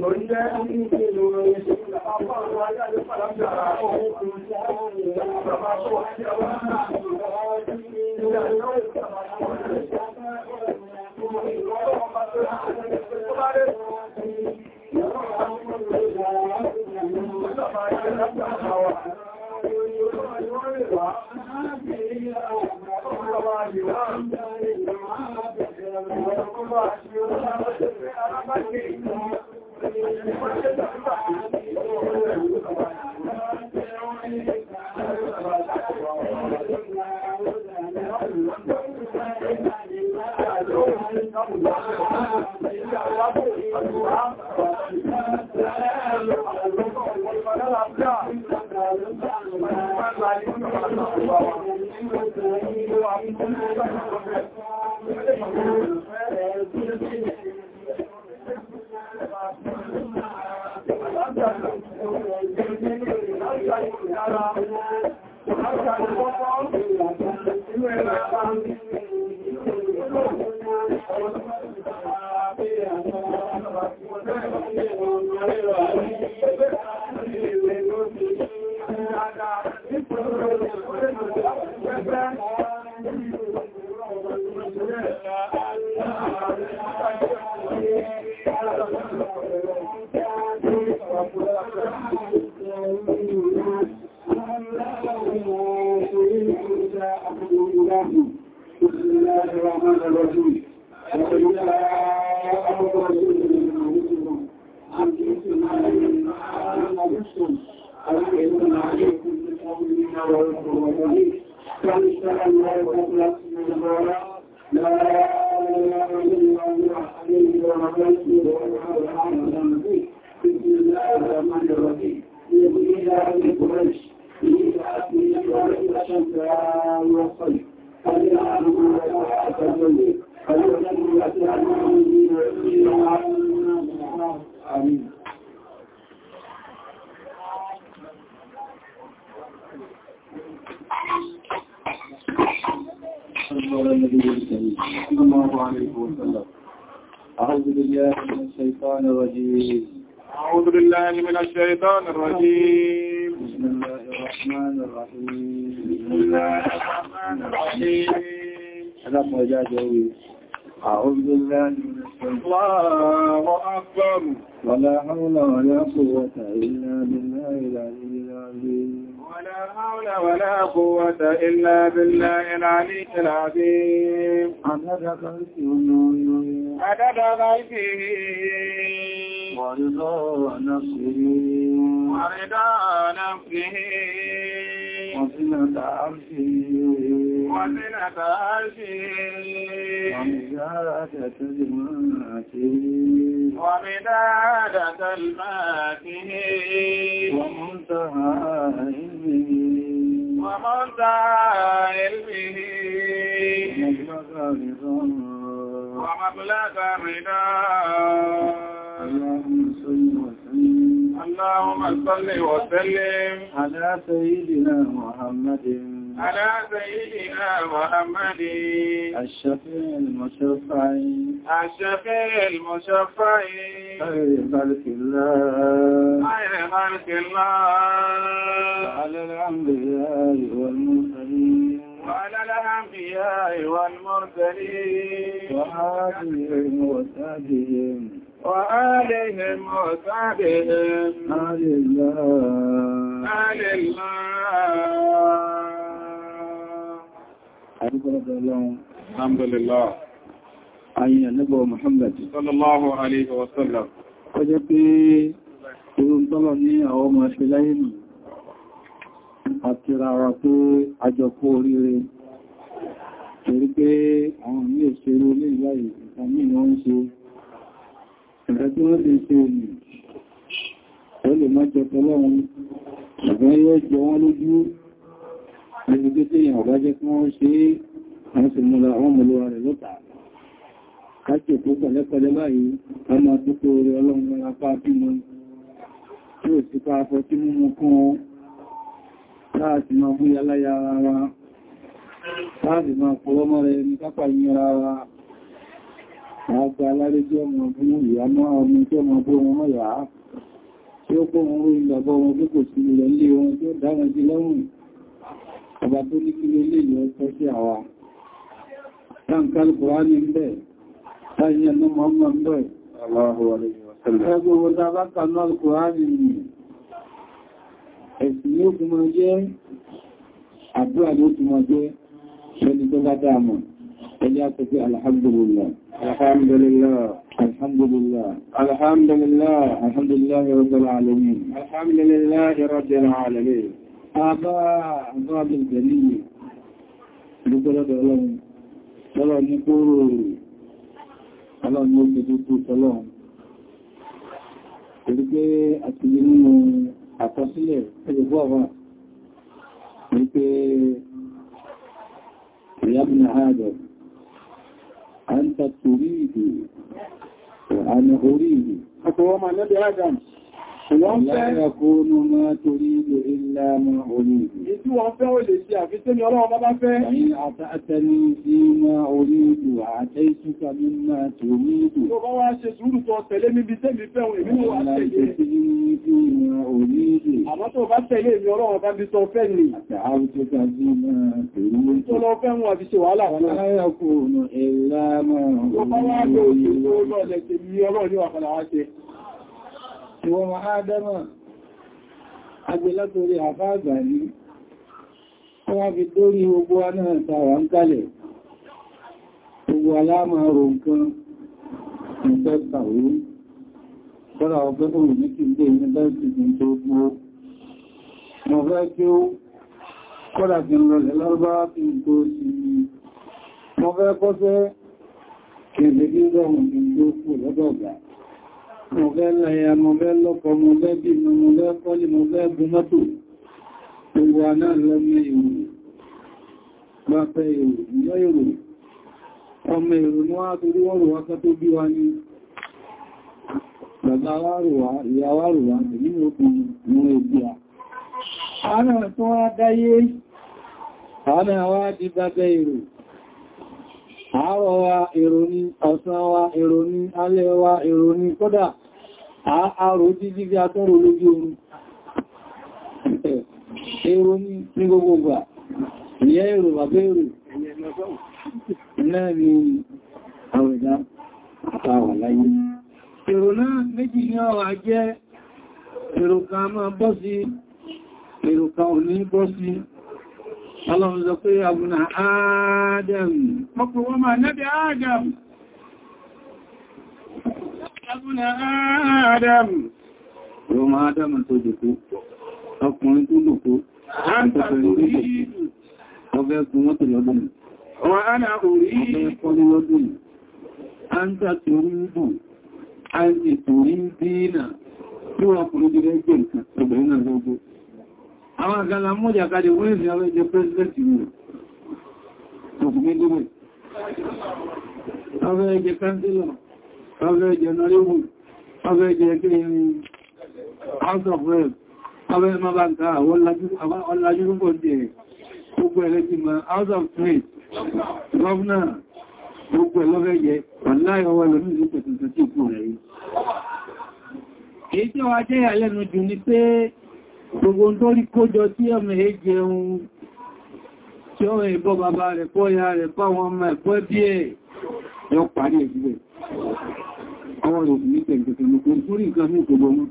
Lórí jẹ́ ìpínlẹ̀ ìṣẹ́lẹ̀ àpá àwọn ajáde pàdánù àrà ọkùnrin وسلم على سيدنا محمد على سيدنا محمد الشفيع المشفع الشفيع المشفع خير خلق الله خير خلق الله على الأنبياء والمرسلين وعلى الأنبياء والمرسلين وحاكمهم وتابعهم وآلهم وصحبهم آل الله آل الله أرضى الله الحمد لله أين نبو محمد صلى الله عليه وسلم Ọjọ́ pé oòrùn tọ́lọ ní àwọn ọmọ ẹ̀ṣẹ́ láyé nù, àti rárá pé àjọpọ̀ oríire, torí pé àwọn ní èṣèrú olé ìyá ìtàmí wọ́n ń ṣe ẹ̀rẹ́ tí wọ́n lè ṣe òyìn wọ́n lè má jẹ tọ́lọ́run ṣùgbọ́n yóò jẹ wọ́n lójú ẹni tó tí èèyàn bá jẹ́ kí wọ́n ṣe wọ́n sì múra wọ́n mọ̀lúwà rẹ̀ lọ́ta káàkiri tó pẹ̀lẹ́pẹ̀lẹ́ báyìí ní kápá ìyẹra wa àgbà aláré tí ọmọ ọdún ìyá máa ọmọ tí ọmọ bó wọn mọ́ yàá tí ó kó wọn rú ìgbàgbọ́ wọn tó kò sí ilẹ̀ ilé wọn tí ó dára sí lọ́rùn ọba tó ní kí lé ilé ọ̀tọ́ sí àwa táǹkálùkù wá ní ẹ̀sìn yóò kú mọ́ jẹ́ àdúrà ló kú mọ́ jẹ́ ṣẹ́ni tó bá dáa mọ̀ الحمد لله الحمد لله الحمد لله الحمد لله الحمد لله رب العالمين الحمد لله رب العالمين أبا أبا بالجليل لقد الله الله نقول الله نقول سلام Ìrìké àti nínú àkọsílẹ̀ ẹgbẹ̀gbọ́ àwọn ìrìké ìyàbìnà أنت تريد وأنا أريد أقوى ما نبي آدم Wọ́n fẹ́ kúrò máa torí ìlú ilá mọ́ orí ìlú. Ìtí wọ́n fẹ́ ó lè ṣe àfisẹ́ ni ọlọ́wọ́ bá fẹ́. Ẹ̀yìn àtàtẹni sí máa orí ìlú àtẹ́ ìtúkà mí máa torí ìlú. Tó bá wá ṣe sùúrù tó tẹ̀lé mi bí tẹ́mi fẹ́ òun ìlú wà tẹ̀lé. Àmọ́ mi fẹ́ ìwọ̀n ma ádámà agbélátorí àfáàgbà ní wọ́n fi dórí gbogbo náà tàwà ń kalẹ̀ gbogbo aláàmà rò nǹkan nǹkan kàwé bọ́ra ọgbẹ́ òun ní kí ilé yúnibẹ́sìtì tó gbó mo fẹ́ kí ó kọ́dà fi ń rọlẹ̀ lọ́rọ̀bá fi ń tó sí mo fẹ́ kọ́sẹ́ kẹ̀lẹ̀ ìrọ̀hùn tó kù lọ́dọ̀gbà mo fẹ́ lẹ́yà mo fẹ́ lọ́kọ̀ mo fẹ́ bí mo fẹ́ kọ́lé mo fẹ́ gùn mọ́tò gbogbo àná lọ́mọ èrò bá fẹ́ èrò ìyọ́ èrò ọmọ èrò ní wá torí wọ́n rò wá kẹ́ tó bí wa ní bàbá wá rò di bàbá èrò àárọ̀ wa èrò ní ọ̀sán wa èrò ní alẹ́ wa èrò kódà àárò jíjí bí atọ́rọ lójú oru èrò ní gbogbo gbà ní èrò bàbá èrò náà ni àwẹ̀dá àtàwà láyé èrò náà méjì pé àbùnà Adam. Mọ́kùnwọ́n máa nẹ́bẹ̀ Adam. ابن Adam, ọmọ Ádámù tó jùkú ọkùnrin tó lùkú ọgbẹ́ ẹkùn wọ́n tó lọ́dún ọgbẹ́ ẹkùn lọ́dún àǹtà torí ìdù àǹtì torí dínà tí wọ́n kùnrin jẹ́ ẹgbẹ́ nǹkan obìnrin náà gbogbo àwọn àgbàlá mọ́jà kadì wọ́n ìrìn àwọn ẹjẹ́ pẹ́sidẹ̀tì rẹ̀ ọkùnrin dúró abẹ́ jẹ nọ́lẹ́wù abẹ́ jẹ kírin house of rep abẹ́ ma bá ń ká àwọn lajú rúgbọ́ díẹ̀ gbogbo ẹ̀lẹ́ ti ma house of trade governor gbogbo ẹ̀lọ́fẹ́ jẹ wàláyé ọwọ́ lọ nílùú pẹ̀tẹ̀tẹ̀ tí kú rẹ̀ èyí tí wá jẹ́ ìyàlẹ́nu jù ni pé gbogbo tó rí kójọ tí ọmọ èé jẹun tí ọmọ ìbọ́ bàbá rẹ̀ pọ́ ya rẹ̀ pọ́ wọn ọmọ ẹ̀pọ́ bí ẹ̀ yọ parí ẹ̀gbẹ̀ àwọn òròkù ní tẹ̀gbẹ̀tẹ̀ lókò fúrí nǹkan ní ìkògbò mú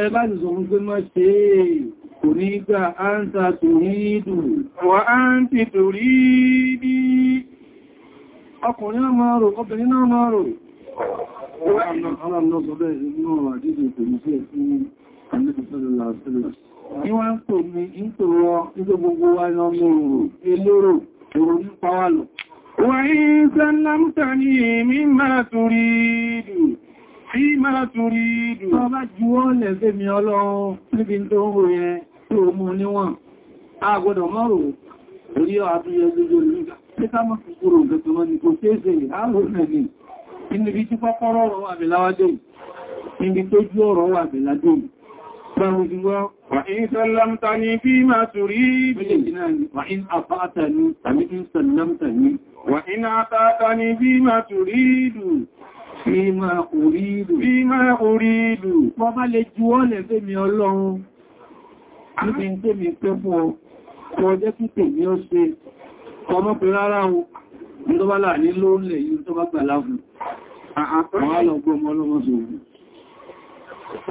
ẹ bá ti sọ fún pé mọ́ ṣe kò ní gbà á ń ta torí ìdù wà á ń ti torí bí ọkùnrin náà máa rò obìnrin náà máa rò Ìwọ́n ń tò ní ìtòrọ ní gbogbo wa وإن سلمتني مما تريد فيما تريد ọba juwọ́ lẹ́fẹ́ mi ọlọ́run níbi tó ń rò yẹn tó mú níwọ̀n agbọ́dọ̀ mọ́rò orí àbúyẹ gbogbo nígbà tí ká mọ́ fi kúrò gẹ̀gẹ̀mọ́ ni kò ṣeéṣe àárùn-ún níbi tí pọ́pọ́rọ̀ wà bèláwádé وإن سلمتني فيما تريد وإن أطعتني فمئن سلمتني وإن أطعتني فيما تريد فيما أريد فيما أريد Bọ́bá lè juwọ́ lẹ̀ fẹ́mi Ọlọ́run, ah. níbi ń tẹ́mi pẹ́ fún ọ, kọ jẹ́ kí tèmi ó ṣe, kọ mọ́ pé rárá o, ní tó bá láàrin lóòrùn lẹ̀ yìí tó bá gbà láàrùn. Àwọn alọ́gbọ́n ah, ah. ọlọ́mọ́sọ̀rọ̀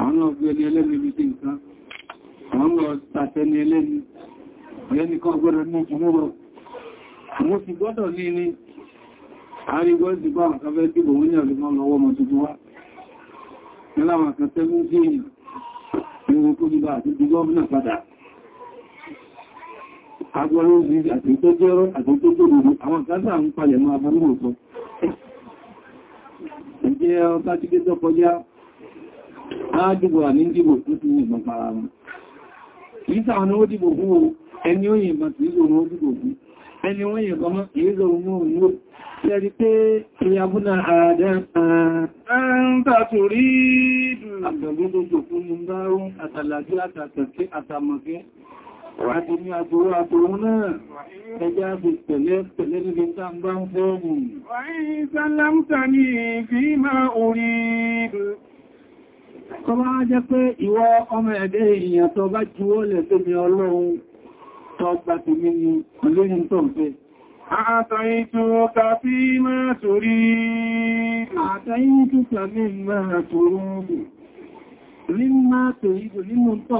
àwọn ọgbẹ́ ẹni ẹlẹ́ni ibi tí nǹkan àwọn lọ tàtẹni ẹlẹ́ni ẹlẹ́ni kan gbọ́dọ̀ ní ọmọ mo sì gbọ́dọ̀ ní ní àrígbọ́ sí bá nǹkan fẹ́ dìbò wọ́n ní àrígbọ́n lọ́wọ́ ọmọ tuntun wá níláwọn kan tẹ́gún sí èèyàn ní owó kó nígbà àti di gọ́ọ̀mìnà padà agbọ́rọ̀ òsì àti tó jẹ́rọ àti tó gbogbo àwọn kan ń palẹ̀ mọ́ abúrú òtọ́ ẹjẹ́ ọba tí gbé tọ́kọjá àádùgbò àní dìbò tó ti ní ìbọn para wọn kìí sàwọn ó dìbò fún o ẹni ó yìnbọn tí ìzòrò ó dìbò fún ẹni wọ́n yìnbọn mọ́ kìí zòrò mọ́ òun ó tẹ́rí pé ìyàbúnà àádẹ́ ààntàtòrí àgbẹ̀gbẹ́dọ́gbò fún ní bárún àtàlàjú àtàkẹ́kẹ́ àtàmọ̀kẹ́ àti ní àtòrò àtòrò náà ẹjá fi pẹ̀lẹ́ pẹ̀lẹ́ níbi tá ń bá ń fẹ́ mú. wáyé sálámtà ní ìfí máa orí tó bá jẹ́ pé ìwọ ọmọ ẹ̀dẹ́ èèyàn tó bá juwọ́ lẹ̀ tó mi ọlọ́run tó gbà ti mi ni olóyìn tó ń fẹ́ Àtàyìntúkà fí máa torí àtàyìntúkà mí máa torú nínú tọ́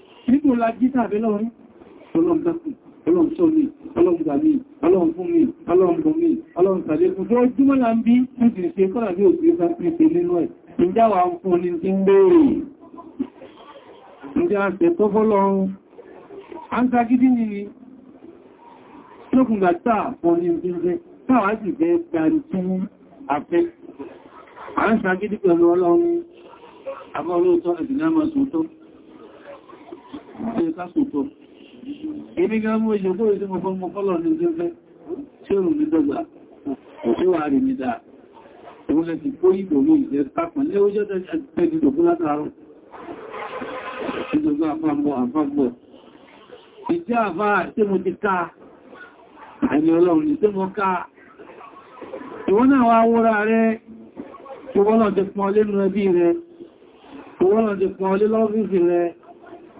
nígbò la jí tàbí lọ́rin ọlọ́mdọ́kùn ọlọ́mdàmí ọlọ́mfúnmí ọlọ́mgbọ̀mí ọlọ́msàlẹ́kùn tó jùmọ́ là ń bí ní ti ṣe kọ́lá bí òkú ìfà pípe nínú ẹ̀ ìjáwà ń fún ní ti ń béèrè ìjá àṣẹ tó fọ́lọ́run a ń sagídí ni lókùngbà táà fún ní ti ń fẹ́ táà sì fẹ́ gbàrí pẹ̀lú ọlọ́run àbọ́ olóòtọ́ ẹ̀dìnàmọ́ sótó Èmi gan kó ìgbò ní ìṣẹ́ pápọ̀ ní ó jẹ́ tẹ́jú tòkú látàárọ̀. Ìjọba àpapọ̀ àpapọ̀. Ìjẹ́ àfá tí mo ti ká, àìní ọlọ́run ni tí mo ká. Ìwọ́n náà wá wúra rẹ̀, ìwọ́n náà ti pọ̀ lẹ́nu ẹbí rẹ̀, ìwọ́n náà ti pọ̀ lẹ́lọ́fíìsì rẹ̀,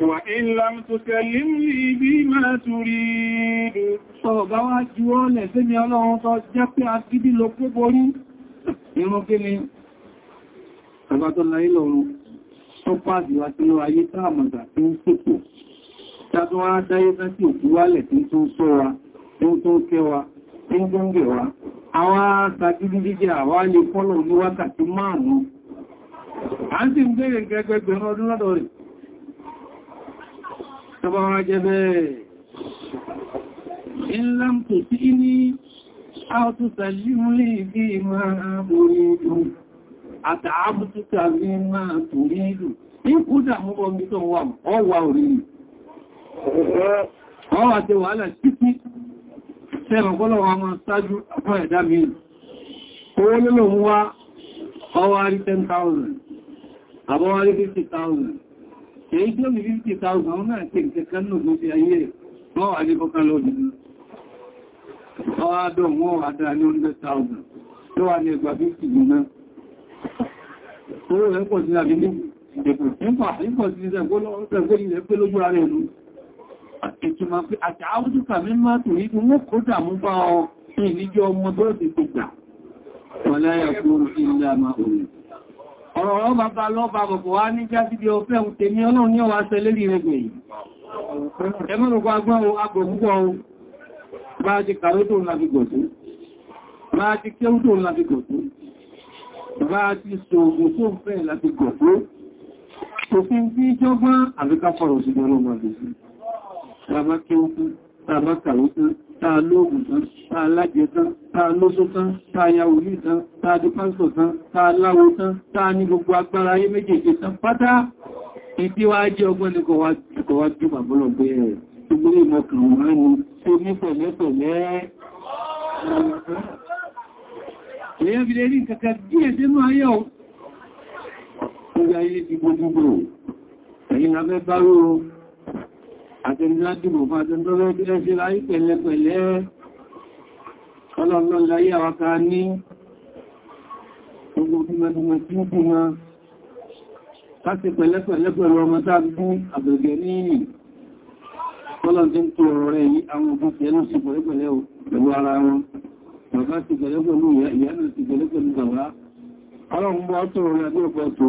وإن لم تكلمني بما تريد ọ̀bá wá ju ọ́lẹ̀ sí ni ọlọ́run tó jẹ́ pé a ti bí lọ pé borí ìrún kí ni àbátọ́lá ìlọ̀run tó pàdì wá sínú ayé táàmàdà tí ń sòpò tàbí wọ́n á dáyé tán sí òkú wálẹ̀ tí tó sọ wa tí tó kẹ́ wa tí ń gúngẹ̀ wa àwọn àṣàgídí tọba wá jẹ bẹ́ẹ̀ ìlàm tó tí ní àtútà límúlé bí máa borí ìlú àtàbùtútà bí máa torí ìlú ní kúdà mọ́bọ̀ mi tó wà ọwà orí ọwà tí wàhálà títí sẹ́rọ̀ pọ́lọ̀wà máa sáájú àpọ̀ ẹ̀dá mi owó lọ́lọ́ wá ọwà rí 10,000 àbọ̀wà rí 50,000 èyí tí ó ní 50,000 náà tí ìkẹ́kẹ́ náà ló fi ayé rẹ̀ wọ́n wà ní kọ́kọ́ lónìí ọwádọ́ wọ́n wà dára ní 100,000 tó wà ní ẹgbà 50 gùnmá owó rẹ̀ pọ̀ sí àbí ní ìdẹ̀kù nípa nípa sí ìdẹ̀kù lọ́wọ́ Wọ̀lá yà kúrò ilẹ̀ àmà òun ọ̀rọ̀ ọ̀rọ̀ bàbá lọ́bàá bọ̀bọ̀ wá ní já síbi ọ̀fẹ́ òun tèmi ọlọ́run ní ọwà sẹ lérí rẹgbẹ̀ yìí ẹmọ́rùn-ún agbọ́n agbò púpọ̀ ohun bá ti kàró tó ńlá fi gòtú bá ti kéhù tó ńlá fi gòtú bá ti sòògùn tó ń fẹ́ ńlá fi gòtú kò fi ń fi jọgbọ́n táa lóògùn tán táa lájẹ tán táa lóṣó tán táa ya òlì tán táa di pásítọ̀ tán táa láwo tán táa ní gbogbo agbára ayé méjèèjì tán pátá ìdí wá jẹ́ ọgbọ́n ní kọ̀ wá jú bàbọ́lọ̀ pé ẹ̀ gbogbo ìmọ̀kàn wọn ni tó ní pẹ̀lẹ́pẹ̀lẹ́ Èyẹ́ bí lè rí kàkà díẹ̀ sínú ayé ọ̀. Ó gbé ayé ti gbogbo ẹ̀yìn abẹ́ bá àtẹnudádùmọ̀ fún àtẹnudọ́rẹ́ tí ẹ ṣe láyé pẹ̀lẹ́pẹ̀lẹ́ ọlọ́run láyé àwákà ní ogun bí mẹ́tùmọ̀ tí ó kú ma káṣe pẹ̀lẹ́pẹ̀lẹ́ pẹ̀lú ọmọ tábú àbẹ̀gẹ̀ ní ọlọ́run tí ń tó ọ̀rọ̀ rẹ̀ yí àwọn òfin ti ẹnu sí pẹ̀lẹ́pẹ̀lẹ́ pẹ̀lú ara wọn bàbá ti pẹ̀lẹ́pẹ̀lú ìyá náà ti pẹ̀lẹ́pẹ̀lú bàbá ọlọ́run bọ́ tó rẹ̀ àdúrà pẹ̀lú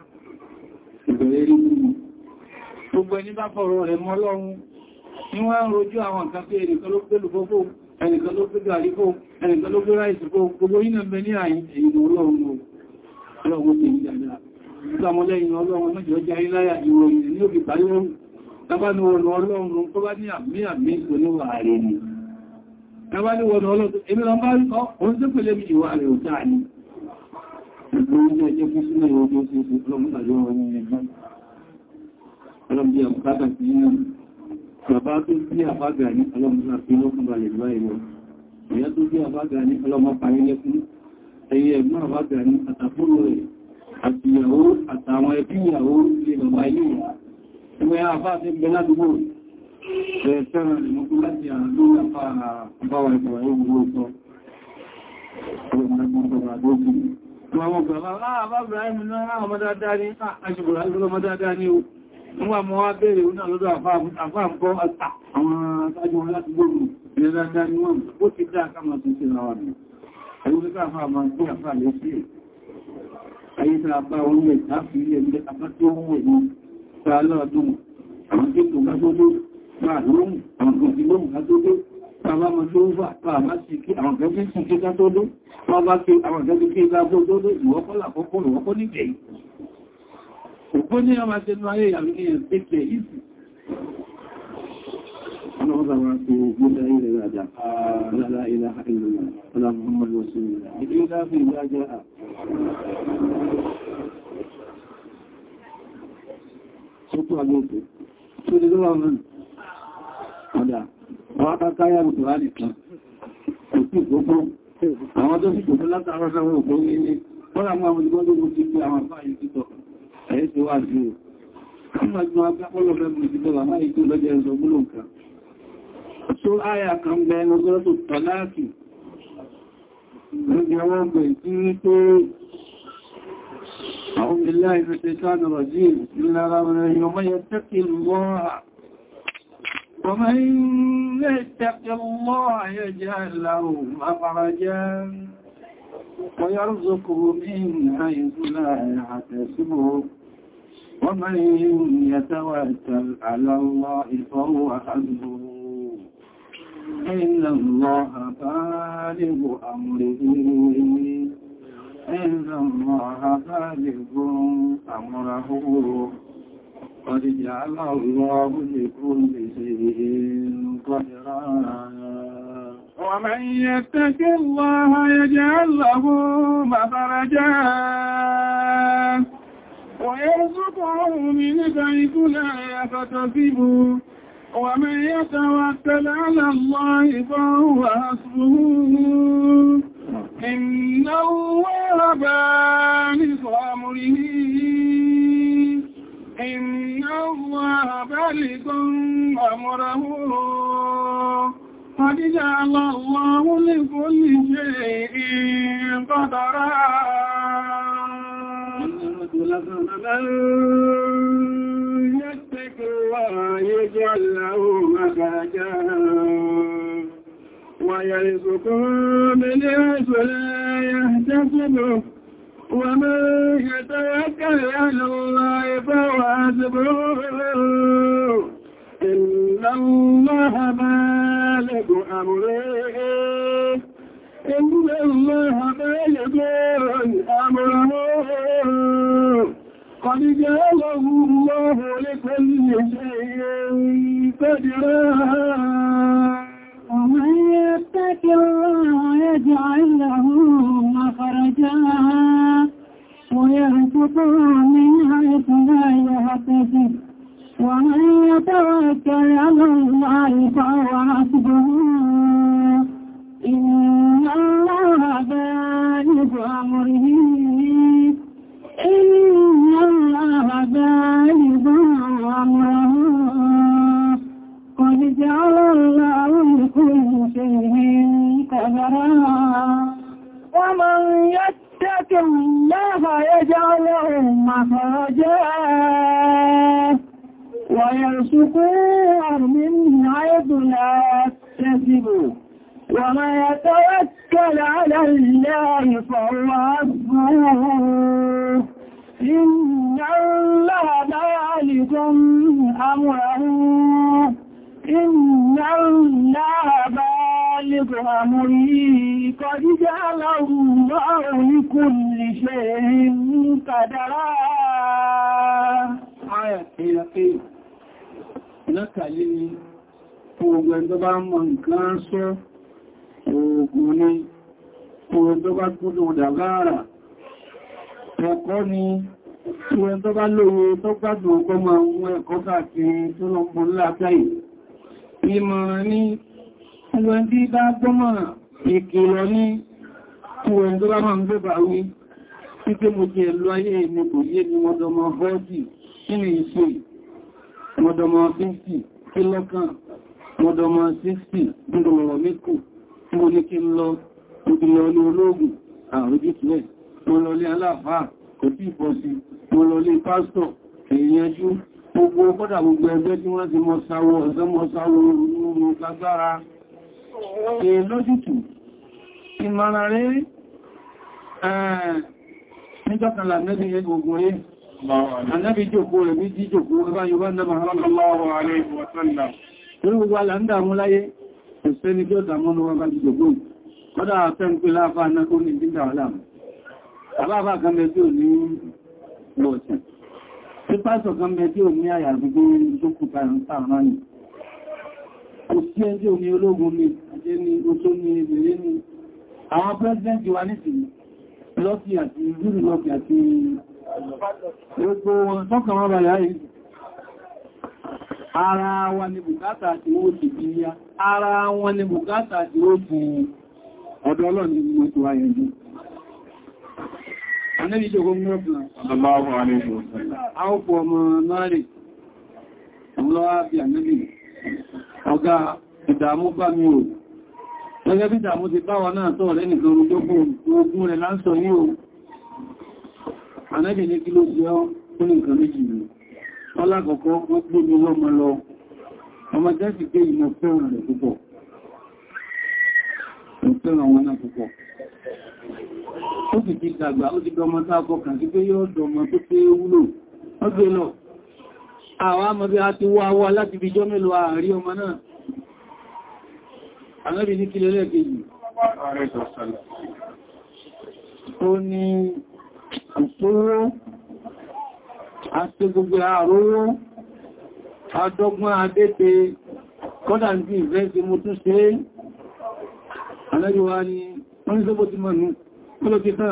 ìbẹ̀rẹ̀ rí gbogbo ẹni bá fọ̀rọ̀ rẹ̀ mọ́ lọ́run ní wọ́n ń rojú àwọn nǹkan pé ẹnìkan ló gbé lùfófó ẹnìkan ló gbé gàrífó ẹnìkan ló gbé ráìsì fó gbogbo iná mẹ́ ní àyín ẹ̀yìn ọlọ́run ọlọ́run ti ń dáadáa ìgbàmọ́lẹ́yìn ọlọ́run mẹ́jọ jẹ́ ayíláyà ìròyìn ni tábánú wọn ọlọ́run èmi lọ bá ń kọ́ òun tó pèlé mi ìwà rẹ̀ gbogbo ilé ẹjẹ́ kú sílẹ̀ ojú sí ti ọlọ́mọ́tàjọ́ wọn ní ẹgbẹ́ ọlọ́mọdé àbúkátà sí ní bàbá tó bí àbágà ní ọlọ́mọdé àti lọ́kùn balẹ̀ ìgbà ìwọ̀n ìyá tó bí àbágà ní ọlọ́mọpàáyẹ́lẹ́kún ẹyẹ ẹ̀gbọ́n àbágà ní àtàkùrò rẹ̀ àti ìyàwó àtàwọn ẹbí ìyàwó lè bàbá ilé ẹgbẹ́ àbá ti gbẹ ládùúgbò ẹ̀ fẹ́ràn ìmọ̀kú láti àdó Àwọn bàbá, ah, bàbá ẹ̀mù náà ọmọ dáadáa ní àṣìbòrò lọ́mọ dáadáa ní o. Wọ́n wà mọ́ wá bèèrè òun náà lọ́dọ̀ àfáà ń kọ́ ah, àwọn àtàjọ wọn láti gbóòrùn ilẹ̀ dáadáa ní wọ́n ó ti dáa ká máa tún sí ra wà ní. Ẹ̀rùn ní ká àfáà máa gbé àfáà lé sí ẹ̀. Ayé tàà bá orílẹ̀ ìtàfì ilẹ̀ ilẹ̀ bàbá mọ̀ tó ń fà bàbá sí kí àwọn gẹ́gẹ́ sí kí ká tó dó wọ́n bá kí àwọn gẹ́gẹ́ kí ká tó dó ìwọ́kọ́ làkọ́kọ́ ìwọ́kọ́ nígbẹ̀ yìí òpó ní ọmọ ṣe ní ayé ìyàwó ní ẹ̀ẹ́kẹ́ ìsì اللهم صل على سيدنا محمد لا اله الا الله ولا محمد رسول الله الا في ما جاء صوت عليك صوت الله من هذا àwọn akákáyà lùkùnrà nìkan òkú ìgbógbó àwọn tó sì gbogbo látàrọ sáwọn òkú ilé bọ́lá mú àwọn ìgbọ́n gbogbo ti pé àwọn àfáàyè títọ̀ ẹ̀yẹ́ ti wà sí o nígbàjúmọ́ agbápọ́lọ̀ kan bẹ ẹnu gọ́rọ́ tó tọ́ láàkì lóbi àwọn ọgbẹ̀ tí ń pé àwọn ilé àìfẹsẹ̀ sáà nọ̀rọ̀ sí ìlú lára rẹ̀ ومن يتق الله يجعل له مخرجا ويرزقه من حيث لا يحتسبه ومن يتوكل على الله فهو حسبه إن الله بالغ أمره إن الله بالغ أمره قد جعل الله لكل شيء قدرا ومن يتق الله يجعل له مخرجا ويرزقه من حيث لا يحتسب ومن يتوكل على الله فهو حسبه إن الله بالغ أمره إن الله بالغ أمره قد جعل الله لكل شيء قدرا من يتق الله يجعل له مخرجا ويرزقه من حيث لا يحتسبه ومن يتوكل على الله فواسبه إن الله مالك أمره إن الله مالك أمره قد جعله الله لكل شيء قدرا máa ń gbébà wí títí mo jẹ ẹ̀lú ayé mi kò yé ni mọ́dọ̀mọ́ 40 kí ni ìṣe mọ́dọ̀mọ́ 50 kí lọ́kàn mọ́dọ̀mọ́ 60 nínú ọ̀rọ̀ mẹ́kù tí mo ní kí n lọ ìpìlẹ̀ olú ológun àrùjútùlẹ̀ mo lọ lé aláàfáà kò tí ìfọ́sí mo lọ lé pásítọ̀ èèyànjú gbogbo kọ́dà gbogbo ẹgbẹ́ tí wọ́n ti mọ́ sáwọ́ ọ̀sán orúurú lágbára èèyàn lójútù ìmọ̀ràn rẹ̀ Eh, níjọ́kànlá nẹ́bí ogun rí annabi jòkó rẹ̀ bí jí jòkó ọba yóò bá nẹ́bà sallallahu alaihi wa sallam torí gbogbo alà ń dàmú láyé ìṣẹ́ ni kí ó dàmú ọmọ bá jí jòkó kọ́dá fẹ́ ń pè láàfà náà ó ní dídà aláàmù àbáfà kan bẹ tí ò ní lọ́ọ̀sìn tí pásọ̀ kan bẹ ní kò sí ẹjẹ́ òní ológun ni àjẹ́ ni ó tó ní ìbèrè ni àwọn pẹ́sidẹ́ntì wa nìsìnyí lọ́kì àti ìrúrù lọ́kì àti gbogbo tọ́kà wọ́n bàyá yìí ara wọn ni bùkátà àti ó ti bí ya ara wọn ni bùkátà àti ó ti ọ̀dọ̀ ọlọ́ni mọ́ tó wáyé jù Anẹ́bí ṣogun mọ́bùn àwọn ọmọ márì, ọmọ wá Gẹ́gẹ́ bí ìdàmú ti bá wa náà tọ́ rẹ̀ nìkan rú gbogbo ogun rẹ̀ láńsọ yí o. Ànẹ́bì ní kí ló ṣe ọ́ fún nǹkan méjì rẹ̀. Ọlákọ̀ọ́kọ́ ó gbogbo lọ́mọ lọ. Ọmọ jẹ́ sì pé ìmọ̀ fẹ́ràn rẹ̀ púpọ̀. Mo fẹ́ràn wọn náà púpọ̀. Ó sì ti dàgbà, ó ti dọmọ sáàkọ̀ kàn sí pé yóò dọmọ tó pé wúlò. Ó gbé lọ. Àwọn amọ̀ bí a ti wá wá Ànábì ní kílẹ̀ lẹ́gbẹ̀ẹ́jì. Ó ní ìṣòro, àti gbogbo àróró, àdọ́gbọ́n adépe, kọ́dà ń bí ìfẹ́ sí mo tún ṣe é. Ànábì wa ni, wọ́n ní sọ́bọ̀ ti mọ̀ nù, kó ló ti lọ́bẹ̀rẹ̀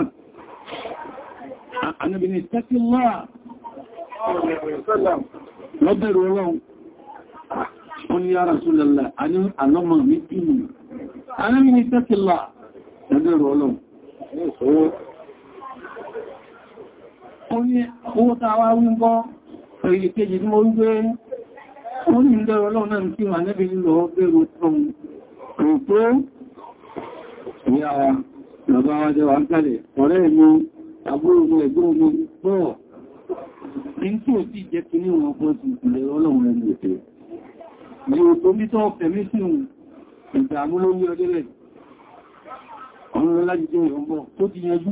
ọlọ́run wọ́n ní yára tó lọ́lá alọ́mọ mi ìlú alámi ní tẹ́kìlá ẹgbẹ̀rọ ọlọ́run owó tàwà wíńgọ́ èyí kejì tí mo ń gbé wọ́n ní ìlú ọlọ́run náà kí wà nẹ́bí lọ bẹ̀rọ tọ́n rògbó ìyára lọ́gbà wájẹ́ wà ń kálẹ̀ ọ̀rẹ́ mi àbúrò ẹgbẹ́ mi bọ́ọ̀ ní tí ò sí jẹ́ yóò tó bí tó fẹ̀mí sí ìdàmú lórí ọdẹ́lẹ̀ ọ̀rọ̀ lájíjẹ́ ìrọ̀mọ́ tó ti yanjú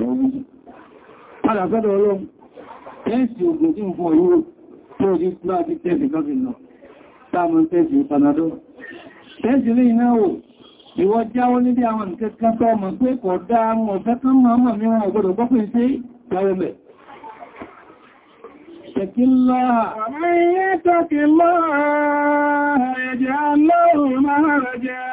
ọ̀rọ̀mí padà sọ́dọ̀ ọlọ́run tẹ́ẹ̀sì ogun tí ń fún ìwọ jáwọ́ níbi àwọn nǹkan tọ́ mọ̀ pé kọ̀ dáa mọ̀ fẹ́ kán mọ̀ mọ̀ mìíràn ọgbọ́dọ̀ gbọ́pẹ́ sí jáwẹ́mẹ̀ يتق الله ومن يتق الله يجعل له مهرجا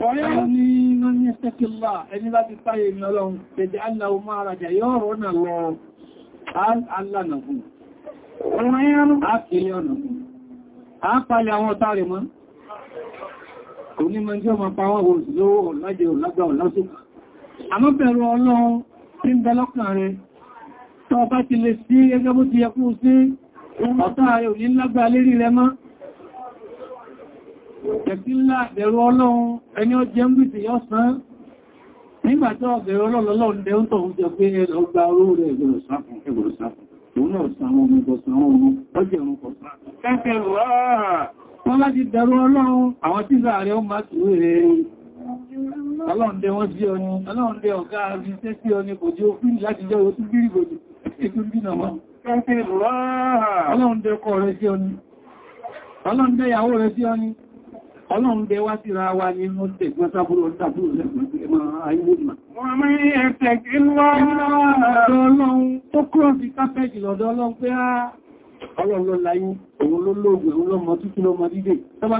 ويعني من يتق الله ان لا تطيب من الله يجعل له مهرجا يرون الله قال الله نفو ومن يرقى يرقى àpàlẹ̀ àwọn ọ̀tàrí mọ́ kò ní mọ́ jẹ́ ọmọ pàwọ́ òṣìlówó ọ̀lájẹ́ ọ̀lágbà ọ̀lásùn àmọ́ bẹ̀rù ọlọ́run tí ń bẹ lọ́kàn rẹ̀ tọ́ bá ti lè sí ẹgbẹ́ bó ti yẹkú sí ọ̀tá rẹ̀ ò ní lágbà lérí rẹ mọ́ ẹ̀kílá ẹ̀rọ ọlọ́run ẹni ó jẹ́ ń gbìtì yọ́ sán nígbàtọ́ ọ̀bẹ̀rẹ̀ ọlọ́lọ́lọ́run lẹ́ ń tọ̀hún jẹ pé ọgbà oró rẹ̀ ẹgbẹ̀rẹ̀ sáfún ẹgbẹ̀rẹ̀ sáfún òun náà sàwọn ọmọ ìgbọ̀sàn àwọn ọmọ ọjọ́ ìrùn kọ̀ọ̀sán kẹ́kẹ́ rọ̀ wọ́n láti dẹ̀rọ ọlọ́run àwọn tí láàrẹ ó máa wọ́n sí ọ ni ọlọ́run dẹ ọ̀gá àrísẹ́ sí ọ ni kò jẹ́ òfin láti jẹ́ òtún bírìbòdì Ọlọ́run bẹ wá síra wa ní ó tẹ̀gbọ́n sábúrò sábúrò lẹ́gbọ́n tí ẹmọ àìmúdìmá. Wọ́n mú ẹ̀tẹ̀ kí lọ́wọ́ ọlọ́run tó kúrò sí kápẹ́jì lọ́dọ́ ọlọ́run pé á ọlọ́run lọ láyé òun ló lóògùn òun lọ́mọ títí lọ́mọ dídè tó bá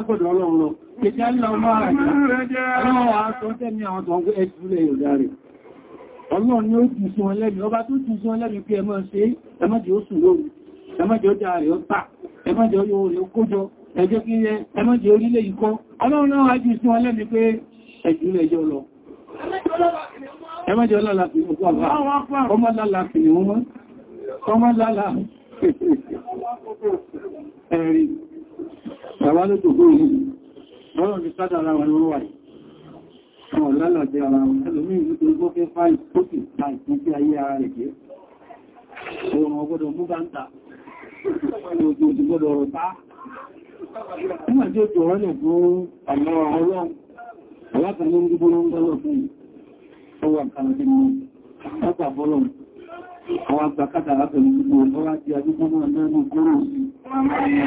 lọ ọlọ́run ni ó jù sí wọn lẹ́bi ọba tó jù sí wọn lẹ́bi pé ẹ ṣe ẹ ó sùn lóru ẹ ó dá rẹ̀ ó tà ẹ má jẹ́ rẹ̀ ó kójọ ẹ kí ẹ má jẹ́ orílẹ̀ ikọ́ ọlọ́run náà wájú sí wọn lẹ́bi wọn lálọ́dẹ ara wọn ẹlòmí nítorí tó fẹ́ fáì tó sí ayé ara rẹ̀ jẹ́ ọ̀rọ̀ ọgbọ́dọ̀ mú bá ń ta ojú ojú gbọ́dọ̀ ọ̀rọ̀ tá ń gbígbóná àwọn agbàkátà látọ̀lú gbogbo ọwá tí a dúkọ́ náà lẹ́nu kúrò sí.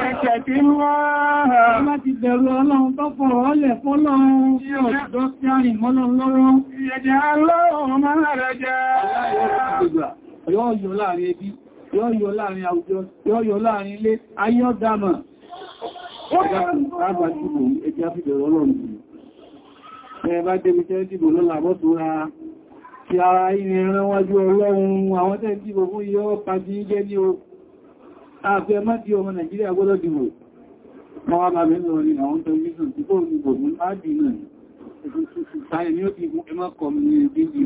Ẹ̀ṣẹ̀ tí wọ́n má tí ọ̀dọ́ sí àrìn mọ́lọ́ lọ́rọ́. Ìyẹ̀dẹ̀ alọ́run jẹ́. Yọ́ yọ láàrin ẹbí, yọ́ yọ láàrin àwùjọ, ti ara inú ẹran wájú ọlọ́run àwọn tẹ́ ń dìbò fún yọ́ pàdé jẹ́ ní o àfẹ́ má di ọmọ nàìjíríà gbọ́dọ̀ dìbò wọ́n wá bá mẹ́rin lọ ní àwọn tẹ́lifíṣàn tí kò dìbò fún bá dì náà táyẹ̀ ni ti fún ẹmọ́ kọ̀ ní ẹgbẹ́